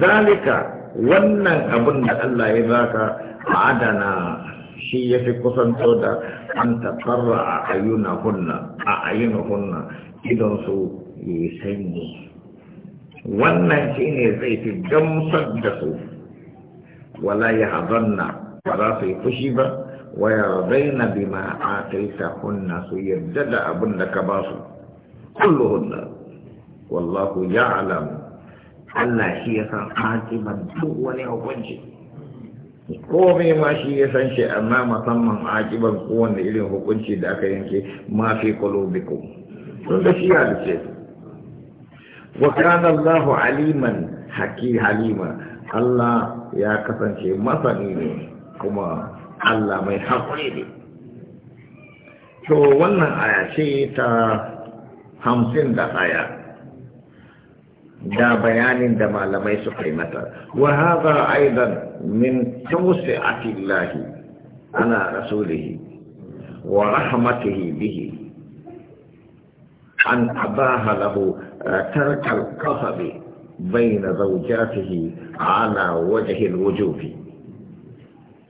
zalika wannan abin da Allah ya baka adana shi ya fi kusanto da an taƙarra a ayyuna hunna a ayyuna hunna idan su yi sanyi wannan shi ne zai fi gamsar da su wala ya hazanna ba za su yi fushi ba wa yardaina bima ataita hunna su yarda da abin da ka ba su kulluhunna wallahu ya'lam Allah shi ya san akiban duk wani hukunci komai ma shi ya san shi amma musamman a akiban kowanne irin hukunci da aka yanke ma fi qulubikum sun da shi ya dace wa kana Allahu aliman haki halima Allah ya kasance masani ne kuma Allah mai haƙuri ne to wannan aya ce ta hamsin da aya. دا بيان دا ما لم قيمته وهذا أيضا من توسعة الله على رسوله ورحمته به أن أباه له آه، ترك القصب بين زوجاته على وجه الوجوب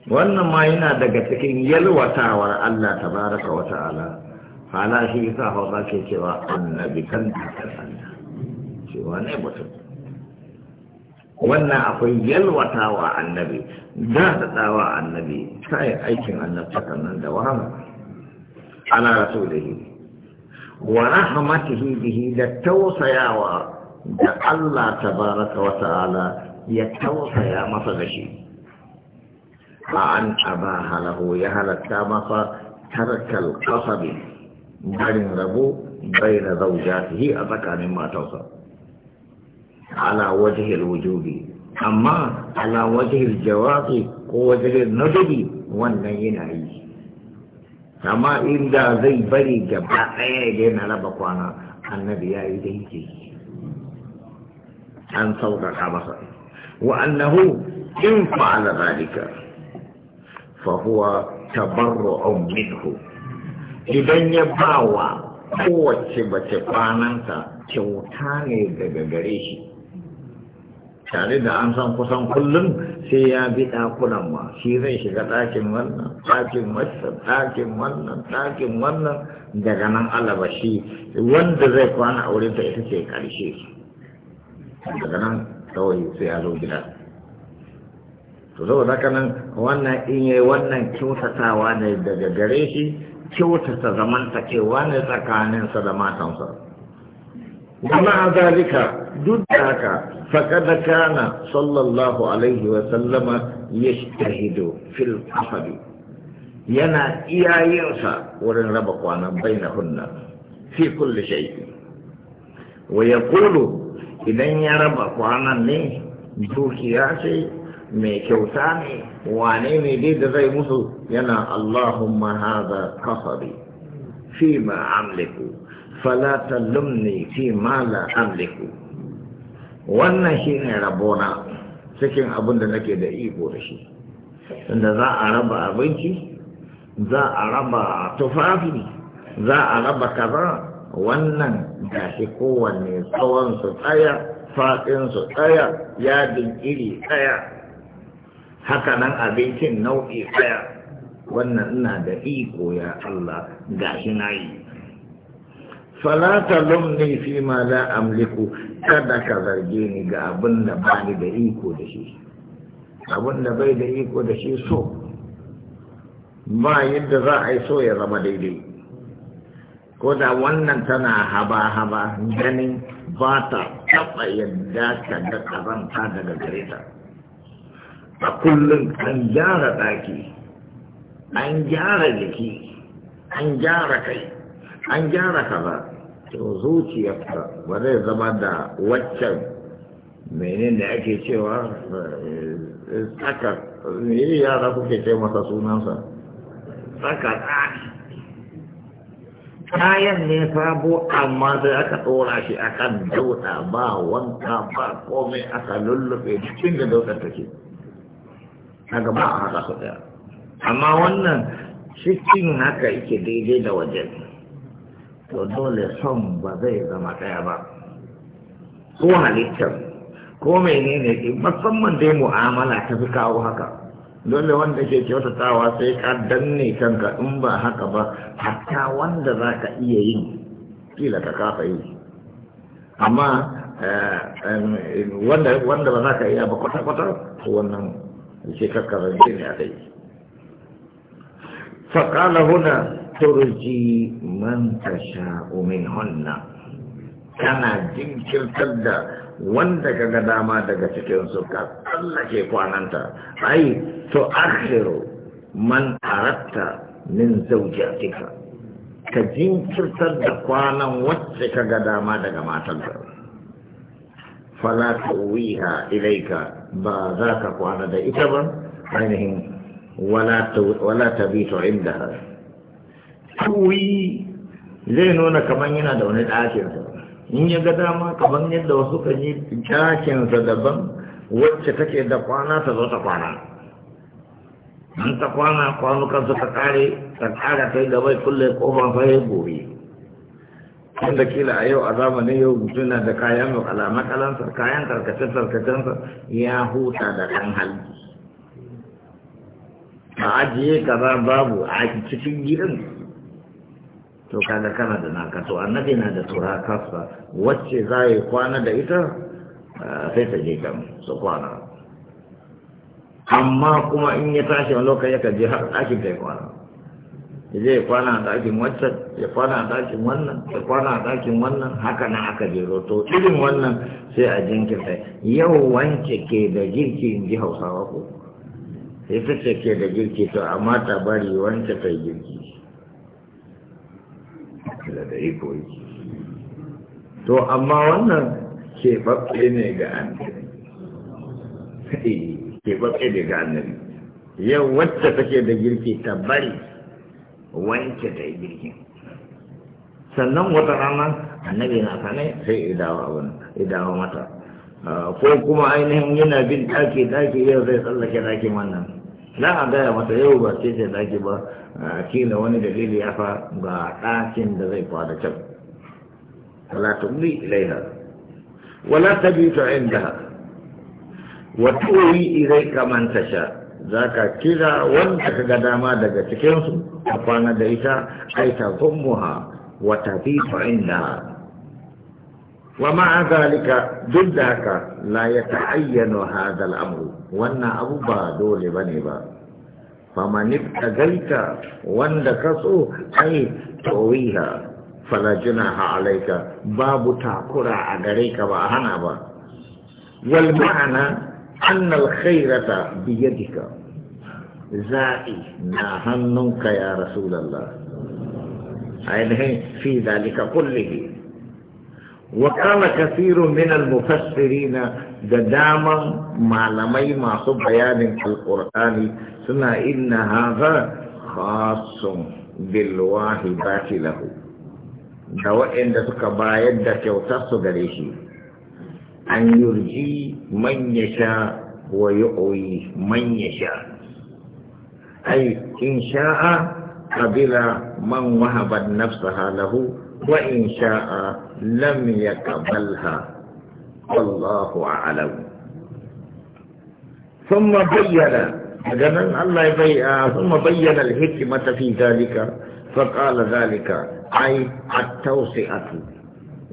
وأن ما yana daga يلوى yalwatawar الله تبارك وتعالى ta'ala شيء فهو ذاك hausa ke cewa annabi cewa ne mutum wannan akwai yalwatawa annabi daɗaɗawa annabi kayan aikin annabta nan da wahala ana rasu da rasulihi wa rahmatihi bihi da tausayawa da Allah tabaraka wa ta'ala ya tausaya masa da shi ba an abaha halahu ya halatta masa tarkal qasabi barin rabo bai na zaujatihi a tsakanin matansa ala wajahil wujudi amma ala wajahil jawabi ko wajahil nadabi wannan yana yi amma inda zai bari gaba ɗaya da yana raba kwana annabi ya yi daidai an sauƙaƙa masa wa annahu in fa'ala zalika fa huwa tabarru'un minhu idan ya ba wa kowace bace kwananta kyauta ne daga gare shi tare da an san kusan kullum sai ya bi ɗakunan ma shi zai shiga ɗakin wannan ɗakin wancan ɗakin wannan ɗakin wannan daga nan alaba shi wanda zai kwana a ta ita ce ƙarshe daga nan kawai sai ya zo gida to zo haka nan wannan in yayi wannan kyautatawa ne daga gare shi kyautata zamanta zamantakewa ne tsakaninsa da matansa ومع ذلك ددعك فقد كان صلى الله عليه وسلم يجتهد في القصد ينا إيا يرسى ورن ربقوانا بينهن في كل شيء ويقول إذا يا ربقوانا ليه دوكياتي mai kyauta ne wane ne dai da zai musu yana Allahumma haza kafari fi ma amliku fala lumne fi mala amliku wannan shi ne rabona cikin abin da nake da iko da shi inda za a raba abinci za a raba tufafi za a raba kaza wannan gashi kowanne tsawon su tsaya faɗin su tsaya yadin iri tsaya hakanan abincin nau'i tsaya wannan ina da iko ya Allah gashi nayi. falata lumni fi ma la amliku kada ka zarge ni ga abin da ba ni da iko da shi abin da bai da iko da shi so ba yadda za a yi so ya zama daidai ko da wannan tana haba-haba ganin ba ta taɓa yadda ka ga ƙazanta daga gare ta a kullum an gyara ɗaki an gyara jiki an gyara kai an gyara kaza to zuciyarsa ba zai zama da waccan menene ake cewa eh, eh, tsaka mene yara kuke ce masa sunansa tsaka tsaki kayan ne sabo amma sai aka tsora shi kan dauta ba wanka ba komai aka lullufe cikin da ta ce kaga ba a haka su daya amma wannan cikin haka yake daidai da wajen to dole son ba zai zama ɗaya ba ko halittar ko menene musamman dai mu'amala ta fi kawo haka dole wanda ke kyautatawa sai ka danne kanka in ba haka ba hatta wanda za ka iya yin kila ka kafa yi amma eh, wanda ba za ka iya ba kwata-kwata wannan sai kakkarar ne a kai فقال هنا turji man tasha'u hannu. kana jinkirtar da wanda ka ga dama daga cikin su ka tsallake kwananta ai to akhiru man aratta min zawjatika ka jinkirtar da kwanan wacce ka ga dama daga matarka fala tuwiha ilaika ba za ka kwana da ita ba ainihin wala tabitu indaha tuyi zai nuna kamar yana da wani ɗakinsa in ya ga dama kamar yadda wasu kan yi ɗakinsa daban wacce take da kwana ta zo ta kwana an ta kwana kwanukansu ta kare ta kare kai da bai kulle kofar sai gobe da kila a yau a zamanin yau mutum na da kayan makalansa kayan tarkace-tarkacensa ya huta da ɗan halki a ajiye kaza babu a cikin gidan to kaga kana da naka to annabi na da kafa wacce za yi kwana da ita sai ta je kan su kwana amma kuma in ya tashi wani lokaci ka je har ɗakin kai kwana zai kwana a ɗakin waccan ya kwana a ɗakin wannan ya kwana a ɗakin wannan haka nan aka jero to irin wannan sai a jinkirta yau wance ke da girki in ji hausawa ko sai ta ce ke da girki to amma ta bari wance ta girki da da iko yake to amma wannan kebabbe ne ga annabi eh, keɓaɓɓe ne ga annabi yau wacce take da girki ta bari wanke ta yi girkin sannan wata rana annabi na sane sai idawa idawa mata ah, ko kuma ainihin yana bin ɗaki ɗaki yau zai tsallake ɗakin wannan za a gaya masa yau ba ce ce zaki ba a kila wani dalili ya fa ga ɗakin da zai fada can wala tumli ilaiha wala ta inda wa tuwi ilaika sha, tasha zaka kira wanda kaga dama daga cikin su a kwana da ita ai ta gummuha wa ta inda ومع ذلك ضدك لا يتعين هذا الأمر وانا أبو دول بني با فمن ابتغيت وندكسو أي تويها فلا جناح عليك باب تعكر عليك وأهنا با والمعنى أن الخيرة بيدك زائي ناهنك يا رسول الله أينه في ذلك كله وقال كثير من المفسرين دداما معلمي مع بيان في القرآن سنة إن هذا خاص بالواهبات له دواء إن تكبا يدك أن يرجي من يشاء ويؤوي من يشاء أي إن شاء قبل من وهبت نفسها له وإن شاء لم يقبلها الله أعلم ثم بين جنن الله يبين ثم بين الحكمة في ذلك فقال ذلك أي التوسئة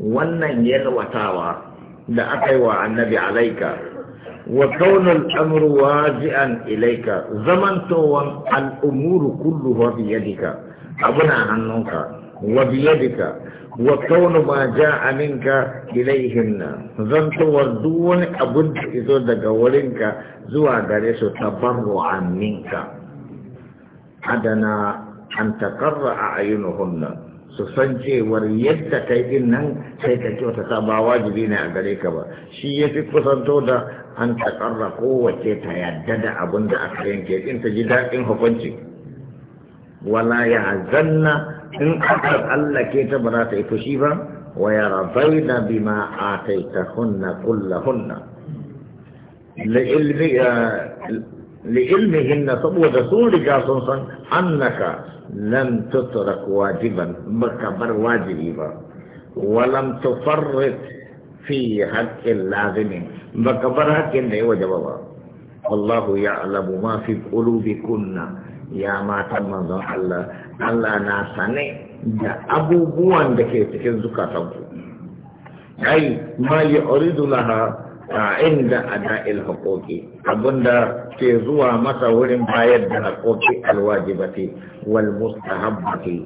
وأن يلوتاوى لأتوى النبي عليك وكون الأمر واجعا إليك زمن توم الأمور كلها بيدك أبنى عن نوكا wa biyadika wa kaunu ma ja'a minka ilaihin nan zan duk wani abun da izo daga wurinka zuwa gare su tabarru an minka adana an takarra a ayyunuhun nan su san cewar yadda kai din nan sai ka kyauta ta ba wajibi ne a gare ka ba shi ya fi kusanto da an takarra kowace ta yadda da abin da aka yanke din ta ji daɗin hukunci wala ya zanna إن أكل الله كيتا برات إفشيبا ويرضينا بما آتيتهن كلهن لعلم لعلمهن سبوة سورة جاسوسا أنك لم تترك واجبا بكبر واجبا ولم تفرط في حق اللازم مكبر حق اللي وجبه والله يعلم ما في قلوبكن ya matan manzon Allah Allah na sane da abubuwan da ke cikin zukatanku ai ma ya uridu laha a inda ada'il haƙoƙi abinda ke zuwa masa wurin bayar da haƙoƙi alwajibati wal mustahabbati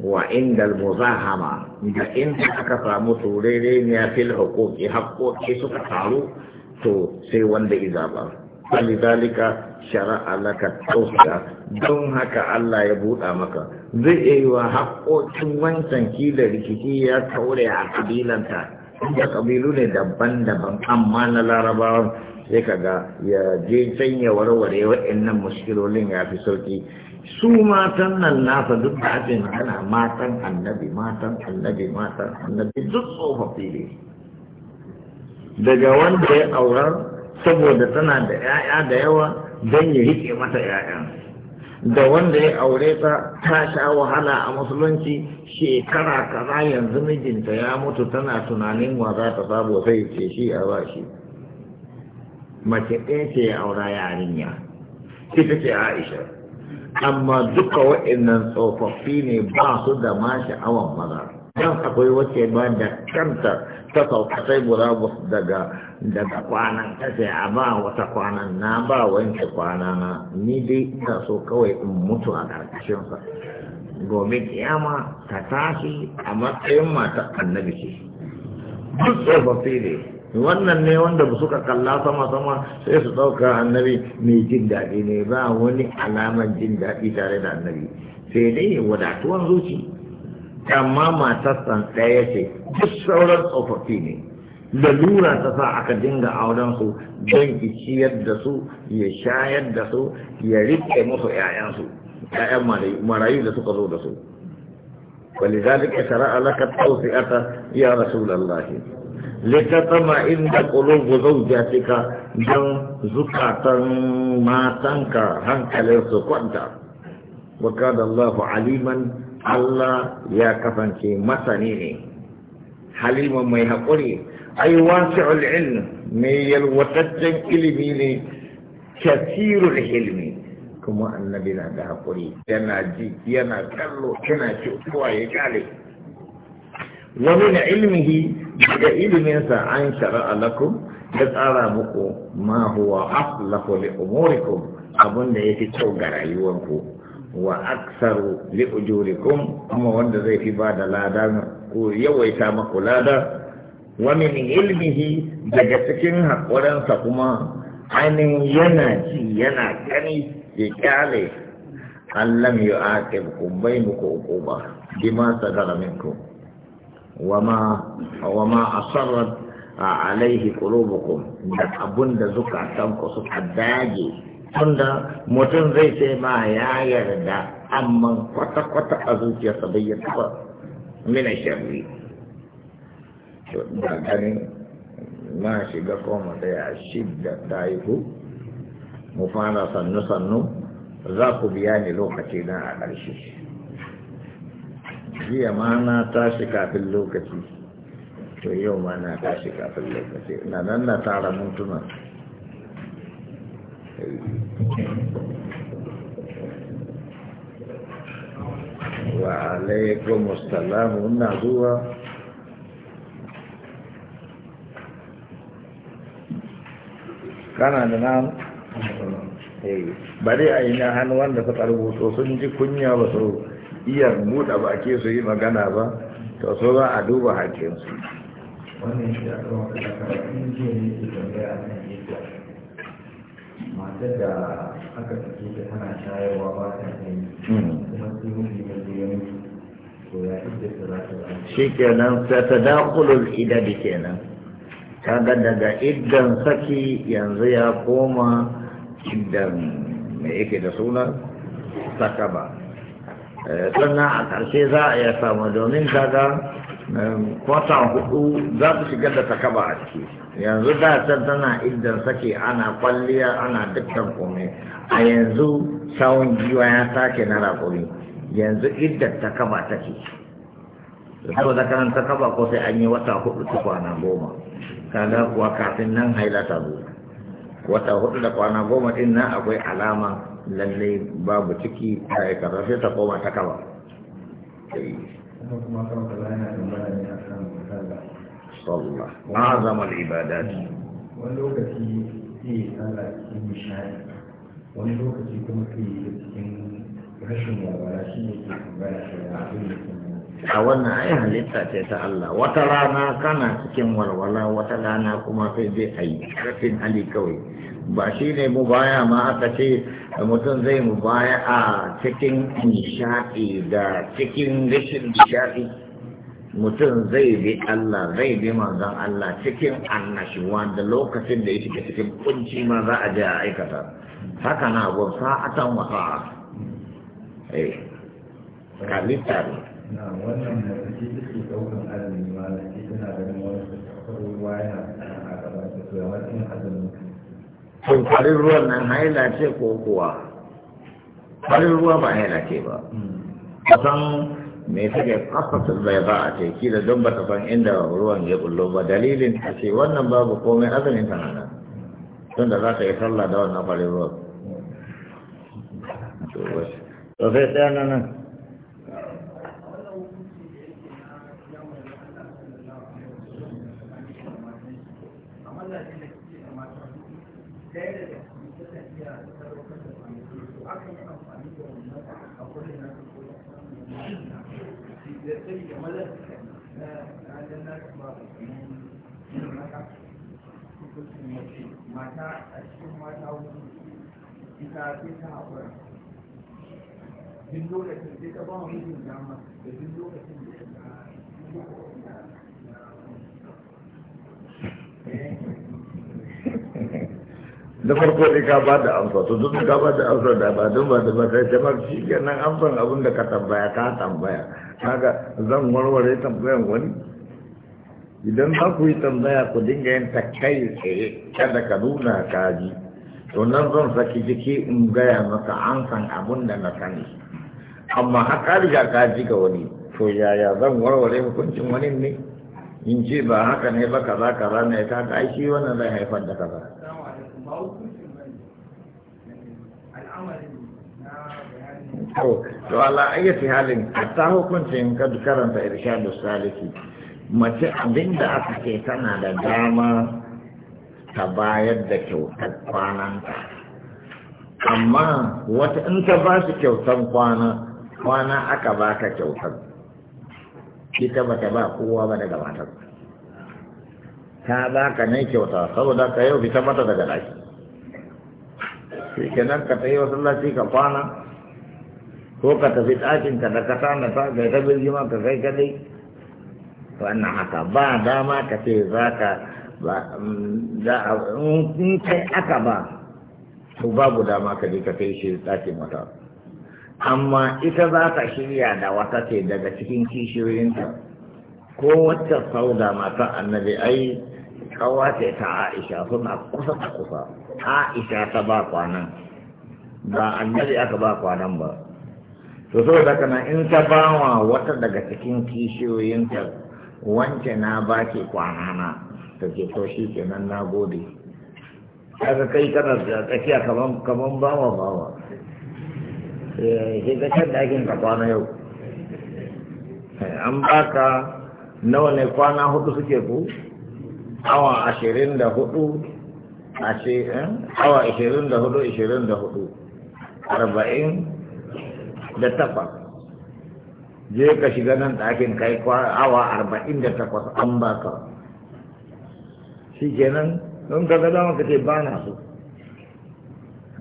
wa inda almuzahama da inda aka samu turere ne fil haƙoƙi haƙoƙi suka taru to sai wanda izaba falidalika shara'a laka tausa don haka Allah ya buɗa maka zai iya yi wa haƙoƙin wancan kila rikici ya taure a kabilanta da kabilu ne daban-daban amma na larabawan sai ka ga ya je can ya warware waɗannan muskilolin ya fi sauƙi su matan nan nasa duk da ake magana matan annabi matan annabi matan annabi duk tsofaffi ne daga wanda ya aurar saboda tana da 'ya'ya da yawa don ya riƙe mata 'ya'yan da wanda ya aure ta ta sha wahala a musulunci shekara kaza yanzu mijinta ya mutu tana tunanin wa za ta sabo sai ce shi a ba shi mace ɗaya ce ya aura yarinya ita ce aisha amma duka waɗannan tsofaffi ne ba su da ma sha'awan maza don akwai wacce ba da kanta ta sauka sai burabus daga kwanan kashe a ba wata kwanan na ba wanke kwana na ni dai ina so kawai in mutu a karkashin sa gobe kiyama ta tashi a matsayin mata annabi ce duk tsofaffi ne wannan ne wanda ba suka kalla sama sama sai su ɗauka annabi mai jin daɗi ne ba wani alamar jin daɗi tare da annabi sai dai wadatuwan zuci amma matarsa ɗaya ce duk sauran tsofaffi ne da lura ta sa aka dinga aurensu su don ki ciyar da su ya shayar da su ya rike musu ƴaƴan su marayu da suka zo da su wali zalika sara alaka tawsi'ata ya rasulullahi li tatama inda qulubu zawjatika dan zukatan matanka hankalinsu kwanta wa kana allahu aliman Allah ya kasance masani ne Halima mai haƙuri ai wasi'ul ilm mai yalwataccen ilimi ne kasirul ilmi kuma annabi na da haƙuri yana ji yana kallo yana kowa ya kale wani na ilmihi daga iliminsa an shara lakum ya tsara muku ma huwa aflahu li umurikum abin yake kyau ga rayuwanku wa aksaru li ujurikum kuma wanda zai fi bada lada ko yawaita maku lada wa min ilmihi daga cikin hakuransa kuma ainihin yana ji yana gani ya kyale allam yu aqibkum ba. uquba bima sadara minkum wama wama asarrat alaihi qulubukum da abunda zukatanku suka dage tunda mutum zai sai ma ya yarda amma kwata-kwata a zuciyarsa bai ya taba mina to da ganin na shiga koma ya shidda ta haihu mu fara sannu-sannu za ku biya ni lokaci na a ƙarshe jiya ma na tashi kafin lokaci to yau ma na tashi kafin lokaci na nan na tara mutuna wa alaikum assalamu ina zuwa kana da nan eh, bari a yi na hannu wanda suka rubuto sun ji kunya ba su iya muda ba ke su yi magana ba to so za a duba hakinsu wannan shi a aka wata kakarar injiyar yake tambaya a kan matar aka fito ta tana shayarwa ba ta kai hmm. kuma sai miji ne zai yanki to ya idda ta za ta shi kenan ta tadakulul idadi kenan kaga daga iddan saki yanzu ya koma iddan me yake da suna saka ba eh, sannan a ƙarshe za a iya samu domin kaga kwata hudu za su shigar da takaba a ciki yanzu da can tana idan sake ana kwalliya ana dukkan komai a yanzu sawun giwa ya sake na rakuri yanzu idan takaba take sau da kanan takaba ko sai an yi wata hudu ta kwana goma Kada kuwa kafin nan haila ta zo wata hudu da kwana goma din nan akwai alama lallai babu ciki ta yi sai ta koma takaba. sallah azama al-ibadat wani lokaci sai sallah cikin nishadi wani lokaci kuma sai cikin rashin walwala shi ke a wannan ayi halitta ce ta Allah wata rana kana cikin walwala wata rana kuma sai zai ayi rafin hali kawai ba shi ne mu baya ma aka ce mutum zai mu baya a cikin nishaɗi da cikin rashin nishaɗi mutum zai bi Allah zai bi manzon Allah cikin annashuwa da lokacin da ya shiga cikin kunci ma za a je a aikata haka na gwamsa a tan sa'a a eh, halitta ne na wannan mace take daukan azumi ma da ke tana ganin wani ruwa yana a gaban ta su ya wani azumi to farin ruwan nan haila ce ko kuwa farin ruwa ba haila ce ba hmm. kusan me take kasatul bai ba a ce kila don ba ta san inda ruwan ya bullo ba dalilin ta ce wannan babu komai azumin ta nan tunda za ka yi sallah da wannan farin ruwan sosai hmm. sai tsaya nan mata a cikin mata wuri ita sai ta haƙura duk lokacin sai ta ba wa mutum dama da lokacin na farko dai ka ba da amsa to duk ka ba da amsa da ba don ba da ba sai jama'ar shi kenan amsan abin da ka tambaya ka tambaya kaga zan warware tambayan wani idan za ku yi tambaya ku dinga yin ta kai tsaye kada ka nuna kaji to nan zan saki jiki in gaya maka an san abin da na sani amma haka riga kaji ga wani to yaya zan warware hukuncin wani ne in ce ba haka ne ba kaza kaza ne ta ka aiki wannan zai haifar da kaza ba hukuncin ba al'amarin To, to ayyati halin hatta hukuncin ka karanta irshadu saliki mace abinda aka ce tana da dama ta bayar da kyautar kwananta amma wata in ta ba su kyautar kwana kwana aka ba ka kyautar ita ba ta ba kowa ba daga matar ta ba ka nai kyauta saboda ka yau fita mata daga ɗaki shi kenan ka tafi wasallaci ka kwana ko ka tafi ɗakin ka da kasa na ta ga ta ma ka kai kadai wannan haka ba dama ka ce za ka in kai aka ba to babu dama ka je ka kai shi ɗakin wata amma ita za ka shirya da wata ce daga cikin kishiyoyinta ko wacce da mata annabi ai kawace ta aisha suna kusa da kusa aisha ta ba kwanan ba annabi aka ba kwanan ba to so da kana in ta bawa wata daga cikin kishiyoyinta wance na ba ke kwanana ta ke to shi kenan na gode kaga kai kana tsakiya kaman kaman bawa bawa eh, sai ga can dakin ka kwana yau an baka nawa ne kwana hudu suke ku awa ashirin da hudu ashe awa ishirin da hudu ishirin da hudu arba'in da takwas je ka shiga nan ɗakin kai awa arba'in da takwas an baka shi kenan don ka ga dama ka ce ba na so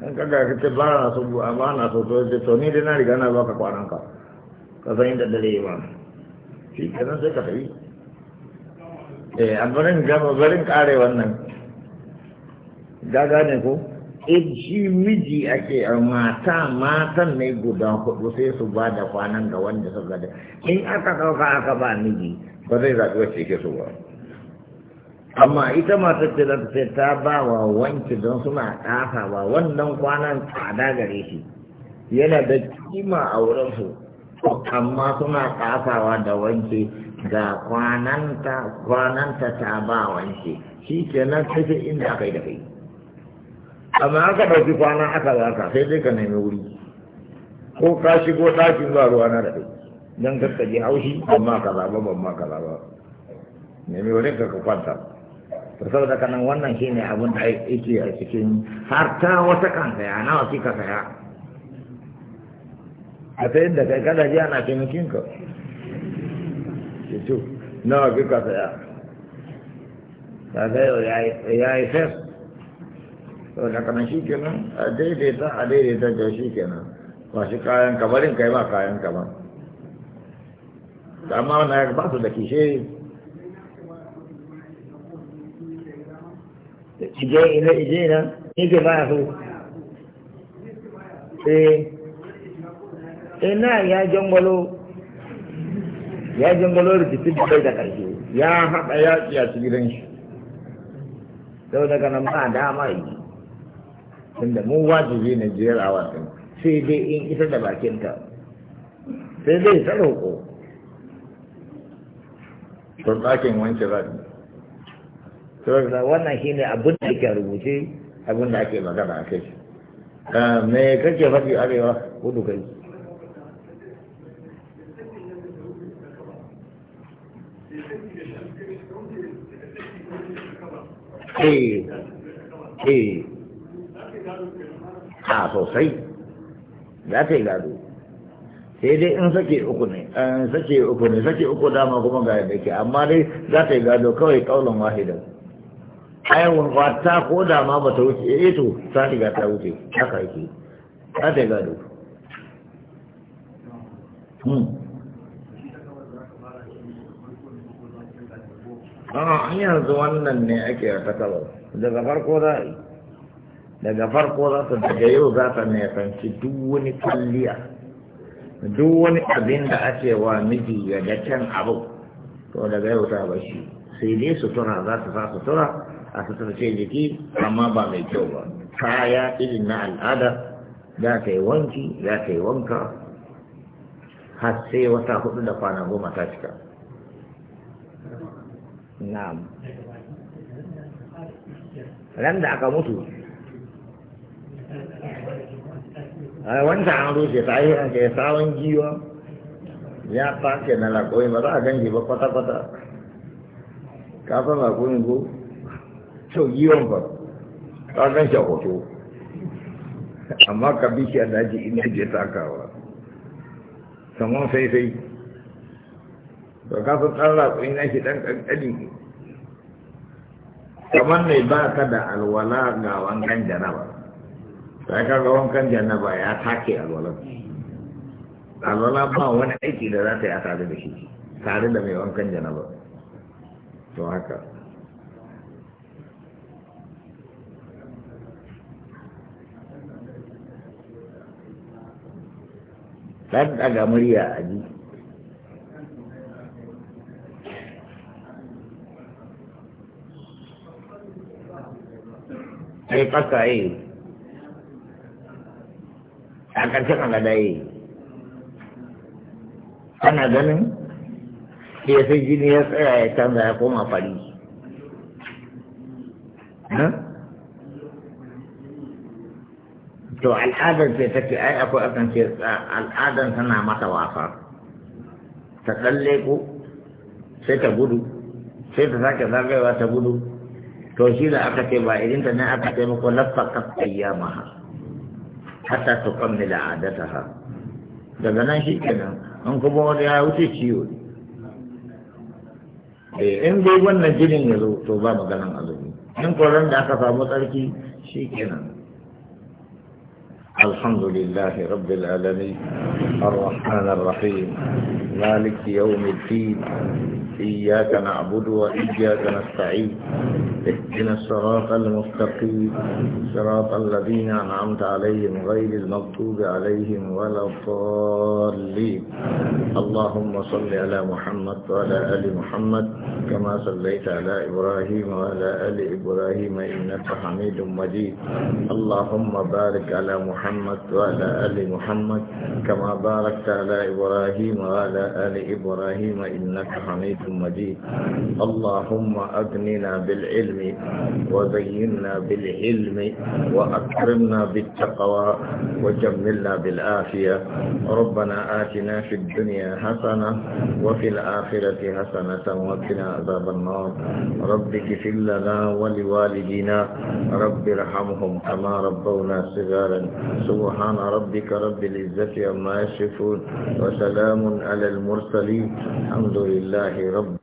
in ka ga ka ce ba na so ba na so to ce to ni da na riga na baka kwanan ka ka san inda dare yi ba shi kenan sai ka tafi eh a barin gama barin kare wannan gaga gane ko eh, shi miji ake eh, mata matan ne guda hudu sai su ba da kwanan ga wanda suka da in aka ɗauka aka ba miji ba zai zaɓi wacce ke so ba amma ita matar ce sai ta ba wa wanki don suna ƙasa ba wannan kwanan tsada gare shi yana da kima a wurinsu amma suna ƙasawa da wanki ga kwananta kwananta ta ba wanki shi kenan ta inda aka yi da kai amma aka ka ɗauki kwana aka zaka sai dai ka nemi wuri ko ka shigo ɗakin ba ruwa na daɗe don ka ji haushi ban ma kaza ba ban ma kaza ba nemi wurin ka ka kwanta saboda kanan wannan shine abin da yake a cikin har ta wata kan saya nawa ka saya a ta yadda kai kada ji ana taimakin ka nawa ka saya ta yau ya yi fes sau kanan shi kenan a daidaita a daidaita da shi kenan ba shi kayan kabarin kai ba kayan kaban amma wanda ya ba su da kishe ije ina ije eh, eh, na ije ba su eh ina ya jangwalo ya jangwalo rikicin da bai da ƙarshe ya haɗa yaƙi a cikin shi sau daga nan ba dama yi tunda mu wajibi ne jiyar a wasan. sai dai in ita da bakinta sai dai ta roƙo tun ɗakin wanke zaɗi saboda wannan shi ne abin da ake rubuce abin da ake magana a kai ah, me kake faɗi arewa kudu kai Eh, eh, ta sosai za ta yi gado sai dai in sake uku ne in eh, sake uku ne sake uku dama kuma ga yadda ke amma dai za ta yi gado kawai kaulan wahidan ayawun wata ko da ma ba ta wuce eh to ta riga ta wuce haka yake za ta yi gado hmm. a yanzu wannan ne ake a kabar daga farko za a yi daga farko za ta daga yau za ta nefanci duk wani kwalliya duk wani abin da ake wa miji ya ga can abu to daga yau ta bashi sai dai sutura za ta sa sutura a sutura ce jiki amma ba mai kyau ba kaya irin na al'ada za ta yi wanki za ta yi wanka har sai wata hudu da kwana goma ta cika na'am ran da aka mutu a wanda an rushe ta yi an kai giwa ya fashe na laƙoyi ba za a ganshi ba kwata-kwata ka san laƙoyin ko to giwan ba gan shi a hoto amma ka bi shi a daji ina je takawa saman sai-sai ba ka san ɗan laƙoyi na shi ɗan ƙanƙani kamar mai ba ka da alwala ga wankan jaraba ta kaga wankan jannaba ya take alwala alwala ba wani aiki da za ta yi a tare da shi tare da mai wankan jannaba to haka Dan ɗaga murya a ji Ai ƙasa yi da aladaye ana ganin ya sai jini ya tsaya ya canza ya koma fari to al'adar ce take ai akwai akan ce al'adar tana mata wasa ta tsalle ko sai ta gudu sai ta sake zagayewa ta gudu to shi da aka ce ba irinta ne aka taimako lafa ya maha Hata hatta su kammila adataha daga nan shi kenan an kuma wani ya wuce ciwo eh in dai wannan jinin ya zo to ba maganan azumi in koran da aka samu tsarki shi kenan الحمد لله رب العالمين الرحمن الرحيم مالك يوم الدين إياك نعبد وإياك نستعين اهدنا الصراط المستقيم صراط الذين أنعمت عليهم غير المغضوب عليهم ولا الضالين اللهم صل على محمد وعلى آل محمد كما صليت على إبراهيم وعلى آل إبراهيم إنك حميد مجيد اللهم بارك على محمد وعلى آل محمد كما باركت على إبراهيم وعلى آل إبراهيم إنك حميد مجيد اللهم أغننا بالعلم وزيننا بالعلم وأكرمنا بالتقوى وجملنا بالآفية ربنا آتنا في الدنيا حسنة وفي الآخرة حسنة وقنا عذاب النار رب اغفر لنا ولوالدينا رب ارحمهم كما ربونا صغارا سبحان ربك رب العزة وما يشفون وسلام على المرسلين الحمد لله رب of